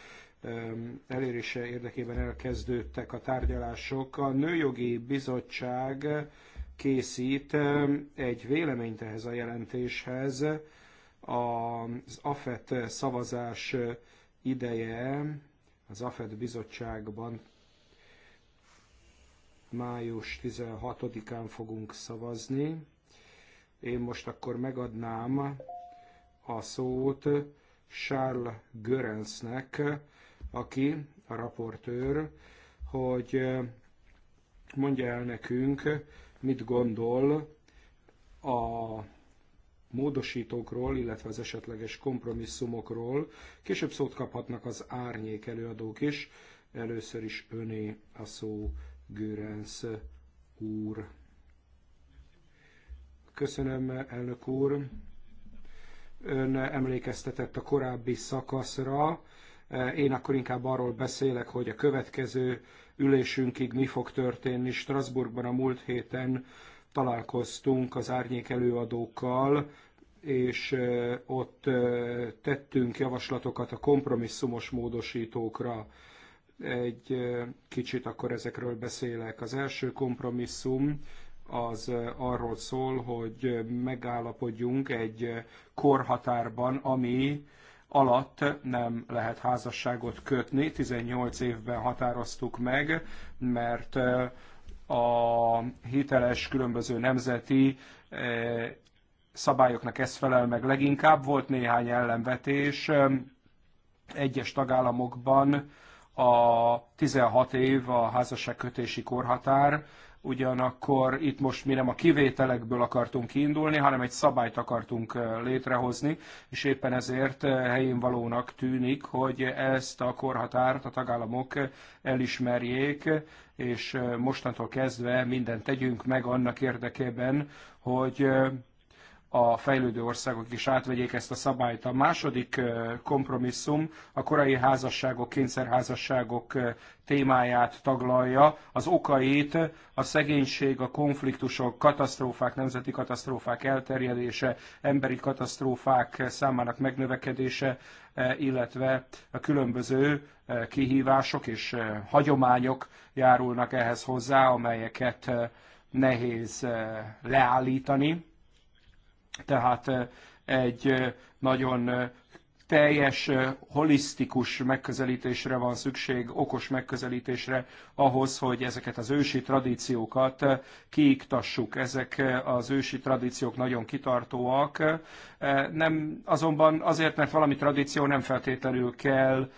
elérése érdekében elkezdődtek a tárgyalások. A Nőjogi Bizottság készít egy véleményt ehhez a jelentéshez, az AFET szavazás ideje az AFET bizottságban május 16-án fogunk szavazni. Én most akkor megadnám a szót Charles Görensnek, aki a raportőr, hogy mondja el nekünk, mit gondol a módosítókról, illetve az esetleges kompromisszumokról. Később szót kaphatnak az árnyék előadók is. Először is öné a szó Gőrensz úr. Köszönöm, elnök úr. Ön emlékeztetett a korábbi szakaszra. Én akkor inkább arról beszélek, hogy a következő ülésünkig mi fog történni. Strasbourgban a múlt héten találkoztunk az árnyék előadókkal, és ott tettünk javaslatokat a kompromisszumos módosítókra. Egy kicsit akkor ezekről beszélek. Az első kompromisszum az arról szól, hogy megállapodjunk egy korhatárban, ami alatt nem lehet házasságot kötni. 18 évben határoztuk meg, mert a hiteles különböző nemzeti szabályoknak ez felel meg leginkább. Volt néhány ellenvetés egyes tagállamokban a 16 év a kötési korhatár, ugyanakkor itt most mi nem a kivételekből akartunk kiindulni, hanem egy szabályt akartunk létrehozni, és éppen ezért helyén valónak tűnik, hogy ezt a korhatárt a tagállamok elismerjék, és mostantól kezdve mindent tegyünk meg annak érdekében, hogy a fejlődő országok is átvegyék ezt a szabályt. A második kompromisszum a korai házasságok, kényszerházasságok témáját taglalja, az okait a szegénység, a konfliktusok, katasztrófák, nemzeti katasztrófák elterjedése, emberi katasztrófák számának megnövekedése, illetve a különböző kihívások és hagyományok járulnak ehhez hozzá, amelyeket nehéz leállítani tehát eh, egy eh, nagyon eh, teljes, holisztikus megközelítésre van szükség, okos megközelítésre ahhoz, hogy ezeket az ősi tradíciókat kiiktassuk. Ezek az ősi tradíciók nagyon kitartóak, nem, azonban azért, mert valami tradíció nem feltétlenül kell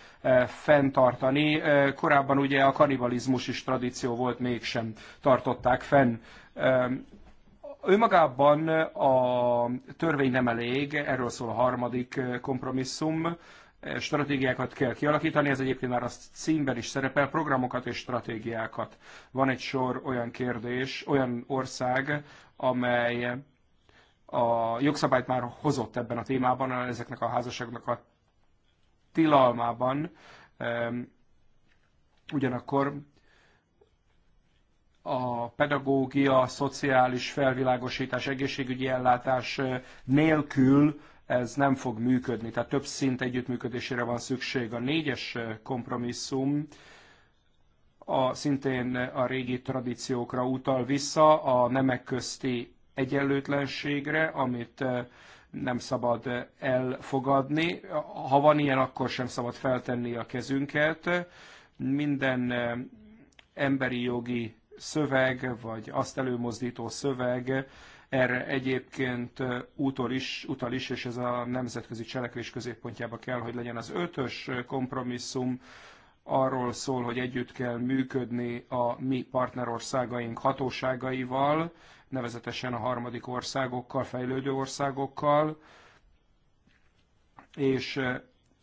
fenntartani. Korábban ugye a kanibalizmus is tradíció volt, mégsem tartották fenn. Önmagában a törvény nem elég, erről szól a harmadik kompromisszum, stratégiákat kell kialakítani, ez egyébként már a címben is szerepel, programokat és stratégiákat. Van egy sor olyan kérdés, olyan ország, amely a jogszabályt már hozott ebben a témában, ezeknek a házasságnak a tilalmában. Ugyanakkor a pedagógia, a szociális felvilágosítás, egészségügyi ellátás nélkül ez nem fog működni. Tehát több szint együttműködésére van szükség. A négyes kompromisszum a, szintén a régi tradíciókra utal vissza, a nemek közti egyenlőtlenségre, amit nem szabad elfogadni. Ha van ilyen, akkor sem szabad feltenni a kezünket. Minden emberi jogi szöveg, vagy azt előmozdító szöveg, erre egyébként útor is, utal is, és ez a nemzetközi cselekvés középpontjába kell, hogy legyen az ötös kompromisszum, arról szól, hogy együtt kell működni a mi partnerországaink hatóságaival, nevezetesen a harmadik országokkal, fejlődő országokkal, és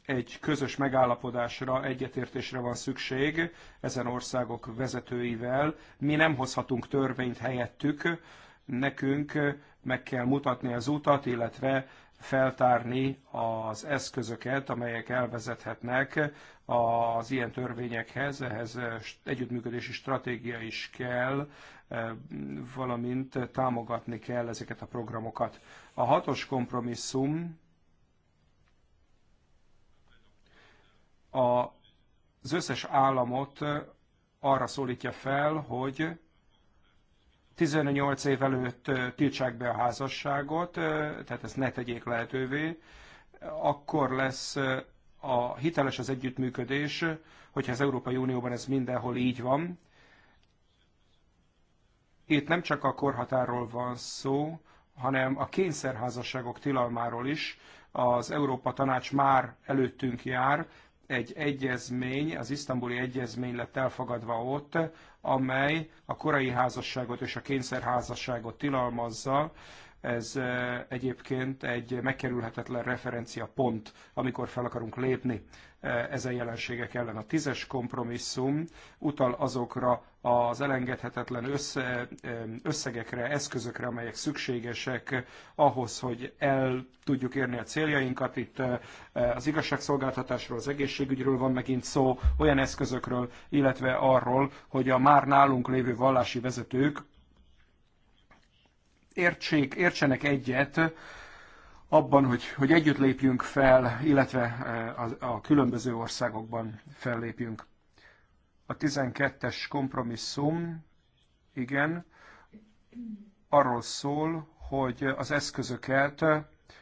egy közös megállapodásra, egyetértésre van szükség ezen országok vezetőivel. Mi nem hozhatunk törvényt helyettük, nekünk meg kell mutatni az utat, illetve feltárni az eszközöket, amelyek elvezethetnek az ilyen törvényekhez, ehhez együttműködési stratégia is kell, valamint támogatni kell ezeket a programokat. A hatos kompromisszum az összes államot arra szólítja fel, hogy 18 év előtt tiltsák be a házasságot, tehát ezt ne tegyék lehetővé, akkor lesz a hiteles az együttműködés, hogyha az Európai Unióban ez mindenhol így van. Itt nem csak a korhatáról van szó, hanem a kényszerházasságok tilalmáról is. Az Európa Tanács már előttünk jár, egy egyezmény, az isztambuli egyezmény lett elfogadva ott, amely a korai házasságot és a kényszerházasságot tilalmazza, ez egyébként egy megkerülhetetlen referencia pont, amikor fel akarunk lépni ezen jelenségek ellen. A tízes kompromisszum utal azokra az elengedhetetlen össze, összegekre, eszközökre, amelyek szükségesek ahhoz, hogy el tudjuk érni a céljainkat. Itt az igazságszolgáltatásról, az egészségügyről van megint szó, olyan eszközökről, illetve arról, hogy a már nálunk lévő vallási vezetők értsék, értsenek egyet abban, hogy, hogy együtt lépjünk fel, illetve eh, a, a különböző országokban fellépjünk. A 12-es kompromisszum, igen, arról szól, hogy az eszközöket,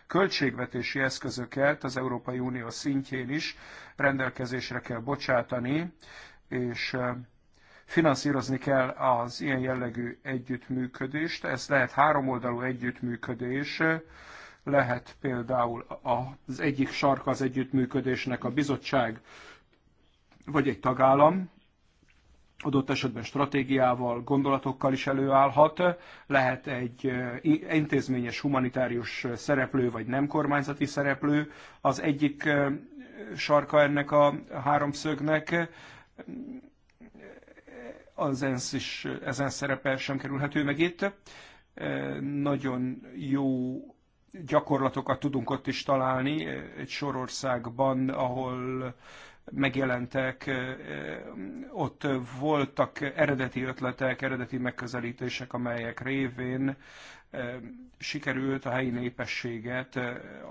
költségvetési eszközöket az Európai Unió szintjén is rendelkezésre kell bocsátani, és eh, finanszírozni kell az ilyen jellegű együttműködést. Ez lehet háromoldalú együttműködés, lehet például az egyik sarka az együttműködésnek a bizottság, vagy egy tagállam, adott esetben stratégiával, gondolatokkal is előállhat, lehet egy eh, intézményes humanitárius szereplő, vagy nem kormányzati szereplő az egyik eh, sarka ennek a háromszögnek, az ENSZ is, ezen szerepe sem kerülhető meg itt. E, nagyon jó gyakorlatokat tudunk ott is találni, e, egy sor országban, ahol megjelentek, e, ott voltak eredeti ötletek, eredeti megközelítések, amelyek révén sikerült a helyi népességet,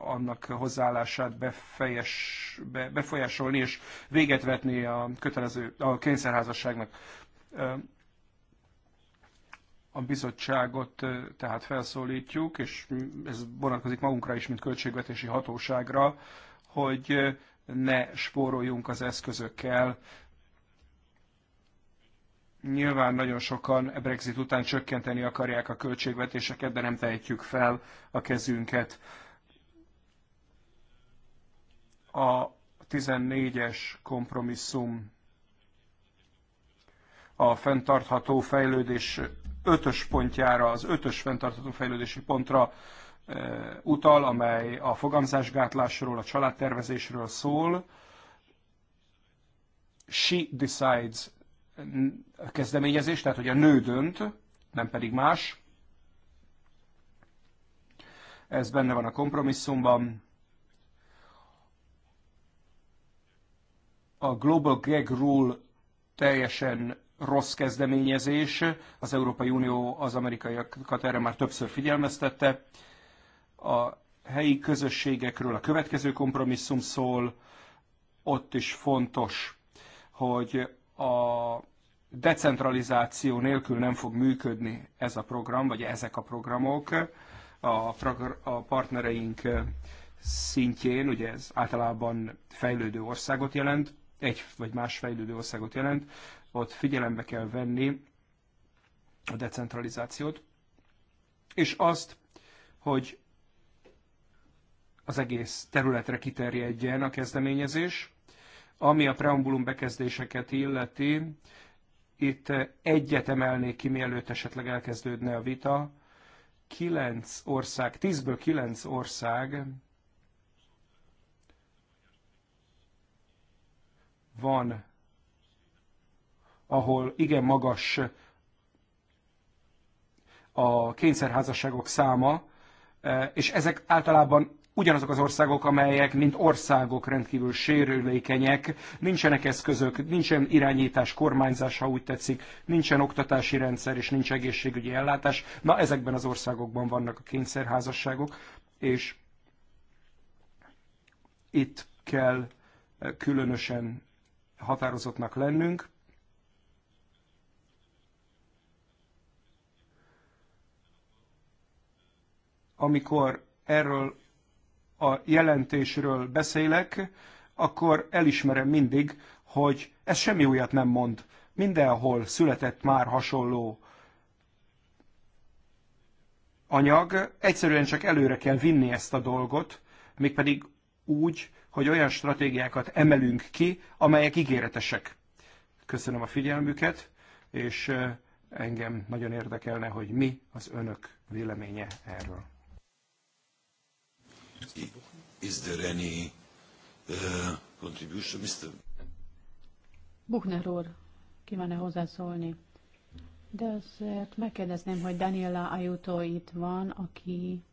annak hozzáállását befejes, befolyásolni és véget vetni a kötelező, a kényszerházasságnak a bizottságot tehát felszólítjuk, és ez vonatkozik magunkra is, mint költségvetési hatóságra, hogy ne spóroljunk az eszközökkel. Nyilván nagyon sokan a e Brexit után csökkenteni akarják a költségvetéseket, de nem tehetjük fel a kezünket. A 14-es kompromisszum a fenntartható fejlődés ötös pontjára, az ötös fenntartható fejlődési pontra eh, utal, amely a fogamzásgátlásról, a családtervezésről szól. She decides kezdeményezés, tehát hogy a nő dönt, nem pedig más. Ez benne van a kompromisszumban. A Global Gag Rule teljesen rossz kezdeményezés. Az Európai Unió az amerikaiakat erre már többször figyelmeztette. A helyi közösségekről a következő kompromisszum szól, ott is fontos, hogy a decentralizáció nélkül nem fog működni ez a program, vagy ezek a programok a, a partnereink szintjén, ugye ez általában fejlődő országot jelent, egy vagy más fejlődő országot jelent, ott figyelembe kell venni a decentralizációt, és azt, hogy az egész területre kiterjedjen a kezdeményezés. Ami a preambulum bekezdéseket illeti, itt egyet emelnék ki, mielőtt esetleg elkezdődne a vita. Kilenc ország, tízből kilenc ország van ahol igen magas a kényszerházasságok száma, eh, és ezek általában ugyanazok az országok, amelyek, mint országok rendkívül sérülékenyek, nincsenek eszközök, nincsen irányítás, kormányzás, ha úgy tetszik, nincsen oktatási rendszer és nincs egészségügyi ellátás. Na, ezekben az országokban vannak a kényszerházasságok, és itt kell eh, különösen határozottnak lennünk. amikor erről a jelentésről beszélek, akkor elismerem mindig, hogy ez semmi újat nem mond. Mindenhol született már hasonló anyag, egyszerűen csak előre kell vinni ezt a dolgot, mégpedig úgy, hogy olyan stratégiákat emelünk ki, amelyek ígéretesek. Köszönöm a figyelmüket, és eh, engem nagyon érdekelne, hogy mi az önök véleménye erről. Is there any uh, contribution, Mr. Buchner úr, kíván -e hozzászólni? De azért megkérdezném, hogy Daniela Ajuto itt van, aki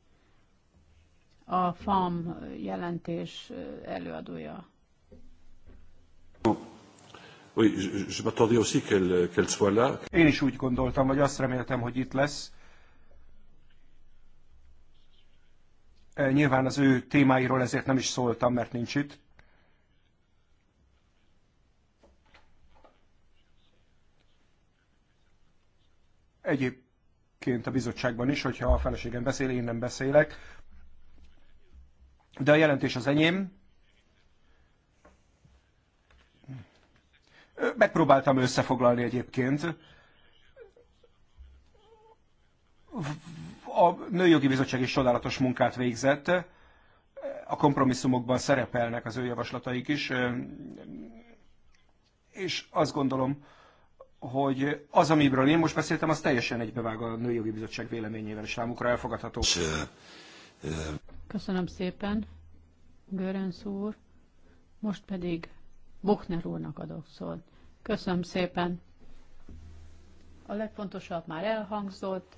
a FAM jelentés előadója. Én is úgy gondoltam, vagy azt reméltem, hogy itt lesz. Nyilván az ő témáiról ezért nem is szóltam, mert nincs itt. Egyébként a bizottságban is, hogyha a feleségem beszél, én nem beszélek. De a jelentés az enyém. Megpróbáltam összefoglalni egyébként a Nőjogi Bizottság is csodálatos munkát végzett, a kompromisszumokban szerepelnek az ő javaslataik is, és azt gondolom, hogy az, amiről én most beszéltem, az teljesen egybevág a Nőjogi Bizottság véleményével, és számukra elfogadható. Köszönöm szépen, Görenc úr. Most pedig Buchner úrnak adok szót. Köszönöm szépen. A legfontosabb már elhangzott,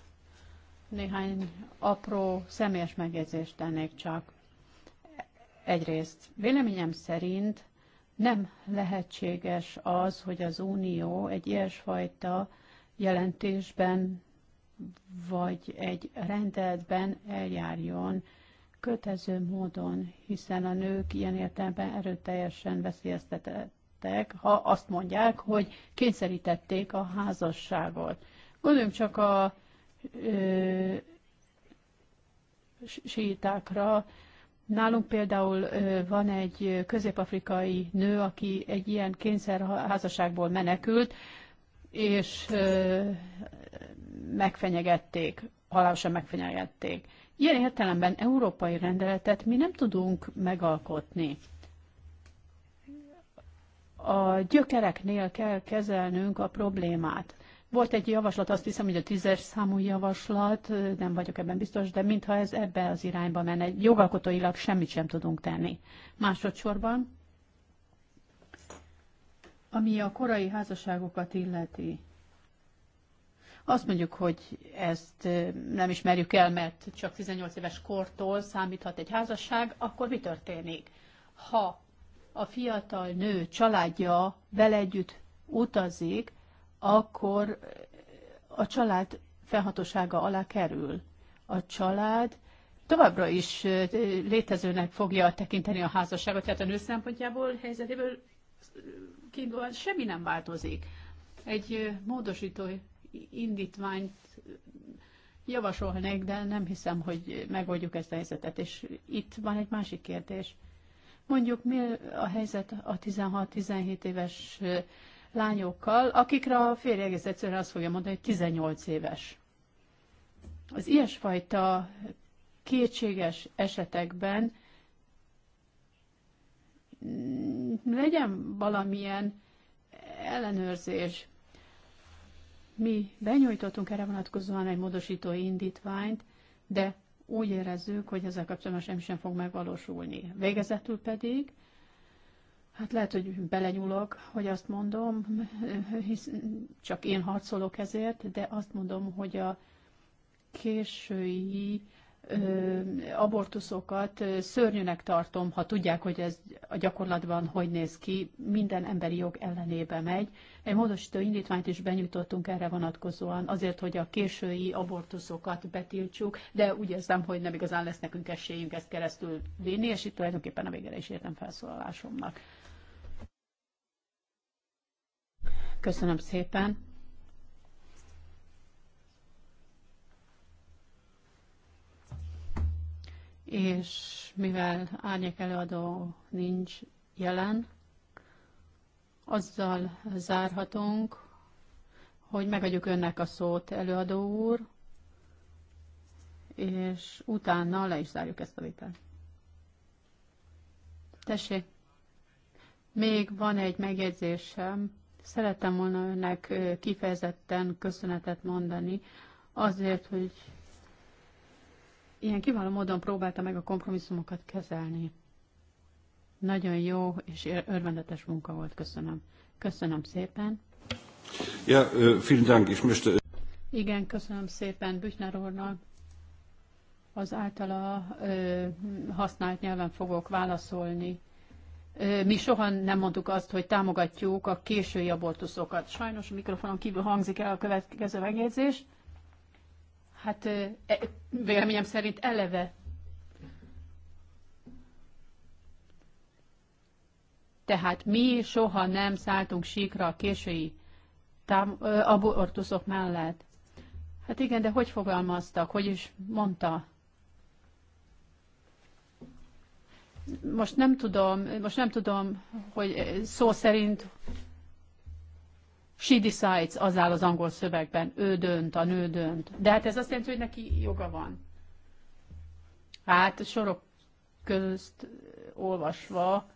néhány apró személyes megjegyzést tennék csak. Egyrészt véleményem szerint nem lehetséges az, hogy az Unió egy ilyesfajta jelentésben vagy egy rendeletben eljárjon kötező módon, hiszen a nők ilyen értelemben erőteljesen veszélyeztetettek, ha azt mondják, hogy kényszerítették a házasságot. Gondoljunk csak a sétákra. Nálunk például van egy közép-afrikai nő, aki egy ilyen kényszerházasságból menekült, és megfenyegették, halálosan megfenyegették. Ilyen értelemben európai rendeletet mi nem tudunk megalkotni. A gyökereknél kell kezelnünk a problémát. Volt egy javaslat, azt hiszem, hogy a tízes számú javaslat, nem vagyok ebben biztos, de mintha ez ebbe az irányba menne. Jogalkotóilag semmit sem tudunk tenni. Másodszorban, ami a korai házasságokat illeti, azt mondjuk, hogy ezt nem ismerjük el, mert csak 18 éves kortól számíthat egy házasság, akkor mi történik? Ha a fiatal nő családja vele együtt utazik, akkor a család felhatósága alá kerül. A család továbbra is létezőnek fogja tekinteni a házasságot, tehát a nő szempontjából, helyzetéből kiindulóan semmi nem változik. Egy módosító indítványt javasolnék, de nem hiszem, hogy megoldjuk ezt a helyzetet. És itt van egy másik kérdés. Mondjuk mi a helyzet a 16-17 éves lányokkal, akikre a férje egész egyszerűen azt fogja mondani, hogy 18 éves. Az ilyesfajta kétséges esetekben legyen valamilyen ellenőrzés. Mi benyújtottunk erre vonatkozóan egy módosító indítványt, de úgy érezzük, hogy ezzel kapcsolatban semmi sem fog megvalósulni. Végezetül pedig Hát lehet, hogy belenyúlok, hogy azt mondom, hisz csak én harcolok ezért, de azt mondom, hogy a késői ö, abortuszokat szörnyűnek tartom, ha tudják, hogy ez a gyakorlatban hogy néz ki, minden emberi jog ellenébe megy. Egy módosító indítványt is benyújtottunk erre vonatkozóan, azért, hogy a késői abortuszokat betiltsuk, de úgy érzem, hogy nem igazán lesz nekünk esélyünk ezt keresztül vinni, és itt tulajdonképpen a végére is értem felszólalásomnak. Köszönöm szépen. És mivel árnyék előadó nincs jelen, azzal zárhatunk, hogy megadjuk önnek a szót, előadó úr, és utána le is zárjuk ezt a vitát. Tessék, még van egy megjegyzésem Szerettem volna önnek kifejezetten köszönetet mondani azért, hogy ilyen kiváló módon próbálta meg a kompromisszumokat kezelni. Nagyon jó és örvendetes munka volt, köszönöm. Köszönöm szépen. Ja, vielen Dank, ich möchte... Igen, köszönöm szépen Büchner úrnak. Az általa ö, használt nyelven fogok válaszolni. Mi soha nem mondtuk azt, hogy támogatjuk a késői abortuszokat. Sajnos a mikrofonon kívül hangzik el a következő megjegyzés. Hát e, véleményem szerint eleve. Tehát mi soha nem szálltunk síkra a késői tám- abortuszok mellett. Hát igen, de hogy fogalmaztak, hogy is mondta most nem tudom, most nem tudom, hogy szó szerint she decides, az áll az angol szövegben, ő dönt, a nő dönt. De hát ez azt jelenti, hogy neki joga van. Hát sorok közt olvasva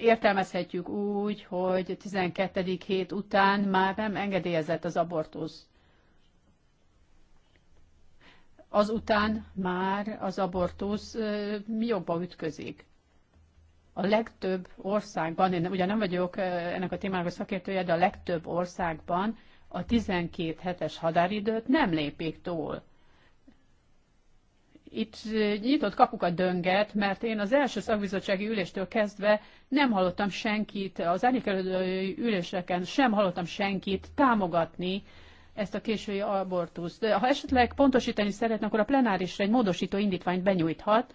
értelmezhetjük úgy, hogy 12. hét után már nem engedélyezett az abortusz azután már az abortusz jobban ütközik. A legtöbb országban, én ugyan nem vagyok ennek a témának a szakértője, de a legtöbb országban a 12 hetes határidőt nem lépik túl. Itt nyitott kapukat dönget, mert én az első szakbizottsági üléstől kezdve nem hallottam senkit, az elnökelődői üléseken sem hallottam senkit támogatni ezt a késői abortuszt. De ha esetleg pontosítani szeretne, akkor a plenárisra egy módosító indítványt benyújthat,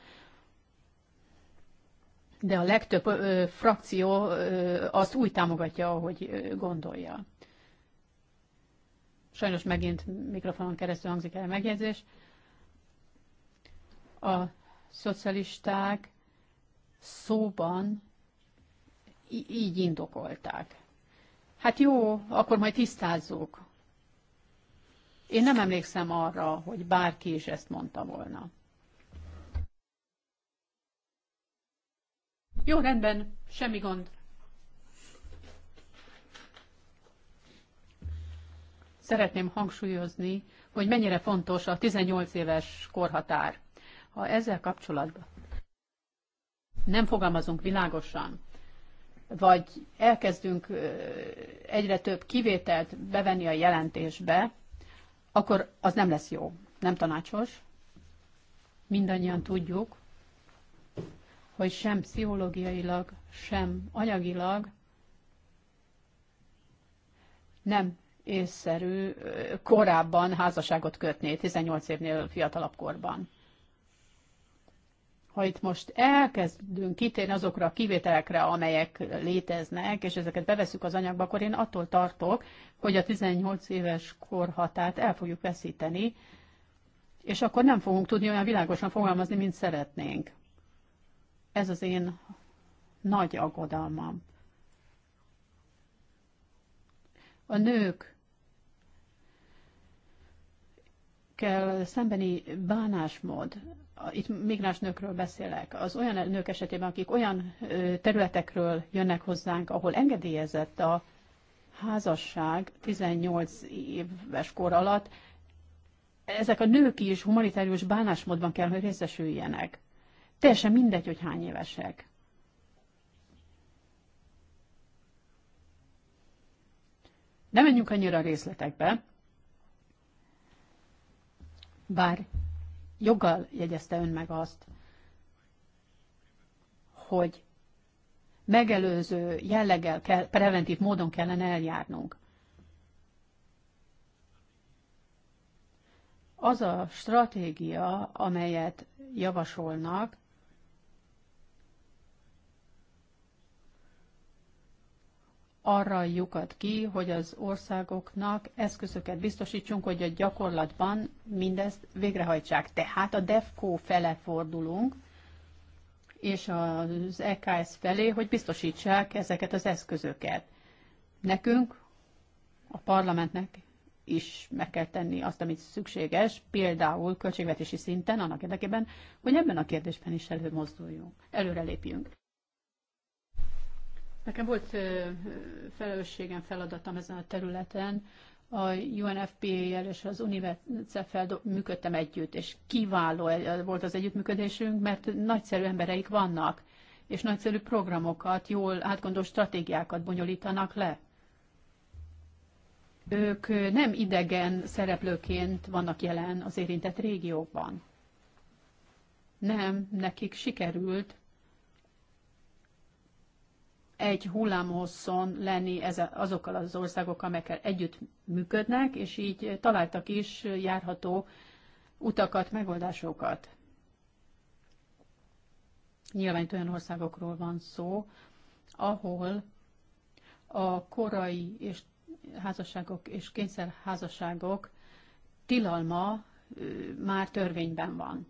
de a legtöbb ö, frakció ö, azt úgy támogatja, ahogy ö, gondolja. Sajnos megint mikrofonon keresztül hangzik el a megjegyzés. A szocialisták szóban így indokolták. Hát jó, akkor majd tisztázzuk. Én nem emlékszem arra, hogy bárki is ezt mondta volna. Jó, rendben, semmi gond. Szeretném hangsúlyozni, hogy mennyire fontos a 18 éves korhatár. Ha ezzel kapcsolatban nem fogalmazunk világosan, vagy elkezdünk egyre több kivételt bevenni a jelentésbe, akkor az nem lesz jó, nem tanácsos. Mindannyian tudjuk, hogy sem pszichológiailag, sem anyagilag nem észszerű korábban házasságot kötni, 18 évnél fiatalabb korban ha itt most elkezdünk kitérni azokra a kivételekre, amelyek léteznek, és ezeket beveszük az anyagba, akkor én attól tartok, hogy a 18 éves korhatát el fogjuk veszíteni, és akkor nem fogunk tudni olyan világosan fogalmazni, mint szeretnénk. Ez az én nagy aggodalmam. A nők kell szembeni bánásmód, itt migráns nőkről beszélek, az olyan nők esetében, akik olyan területekről jönnek hozzánk, ahol engedélyezett a házasság 18 éves kor alatt, ezek a nők is humanitárius bánásmódban kell, hogy részesüljenek. Teljesen mindegy, hogy hány évesek. Nem menjünk annyira a részletekbe, bár joggal jegyezte ön meg azt, hogy megelőző jelleggel, kell, preventív módon kellene eljárnunk. Az a stratégia, amelyet javasolnak, arra lyukat ki, hogy az országoknak eszközöket biztosítsunk, hogy a gyakorlatban mindezt végrehajtsák. Tehát a DEFCO fele fordulunk, és az EKS felé, hogy biztosítsák ezeket az eszközöket. Nekünk, a parlamentnek is meg kell tenni azt, amit szükséges, például költségvetési szinten, annak érdekében, hogy ebben a kérdésben is előmozduljunk, előrelépjünk. Nekem volt felelősségem, feladatom ezen a területen, a UNFPA-jel és az UNICEF-fel működtem együtt, és kiváló volt az együttműködésünk, mert nagyszerű embereik vannak, és nagyszerű programokat, jól átgondolt stratégiákat bonyolítanak le. Ők nem idegen szereplőként vannak jelen az érintett régiókban. Nem, nekik sikerült egy hullámhosszon lenni azokkal az országokkal, amelyekkel együtt működnek, és így találtak is járható utakat, megoldásokat. Nyilván olyan országokról van szó, ahol a korai és házasságok és kényszerházasságok tilalma már törvényben van.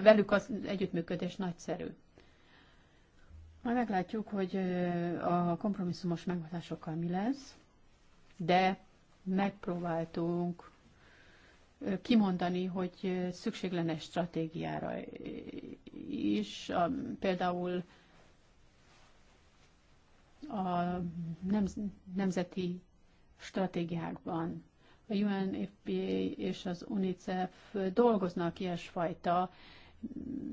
Velük az együttműködés nagyszerű. Majd meglátjuk, hogy a kompromisszumos megoldásokkal mi lesz, de megpróbáltunk kimondani, hogy szükség lenne stratégiára is. A, például a nem, nemzeti stratégiákban a UNFPA és az UNICEF dolgoznak ilyesfajta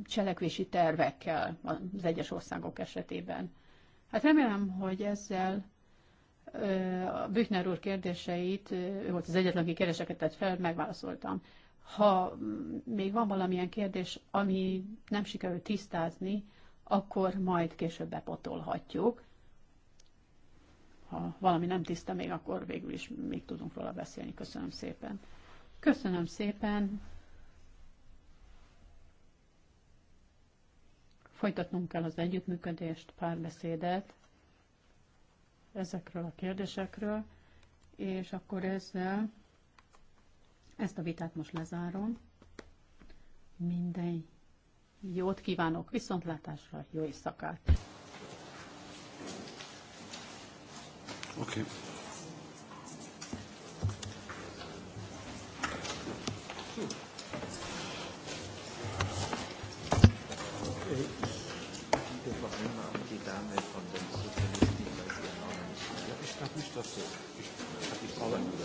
cselekvési tervekkel az egyes országok esetében. Hát remélem, hogy ezzel a Büchner úr kérdéseit, ő volt az egyetlen, aki kereseket fel, megválaszoltam. Ha mm, még van valamilyen kérdés, ami nem sikerült tisztázni, akkor majd később bepotolhatjuk. Ha valami nem tiszta még, akkor végül is még tudunk róla beszélni. Köszönöm szépen. Köszönöm szépen. Folytatnunk kell az együttműködést, párbeszédet ezekről a kérdésekről, és akkor ezzel ezt a vitát most lezárom. Minden jót kívánok, viszontlátásra, jó éjszakát! Okay. biztos, hogy Isten. Hát is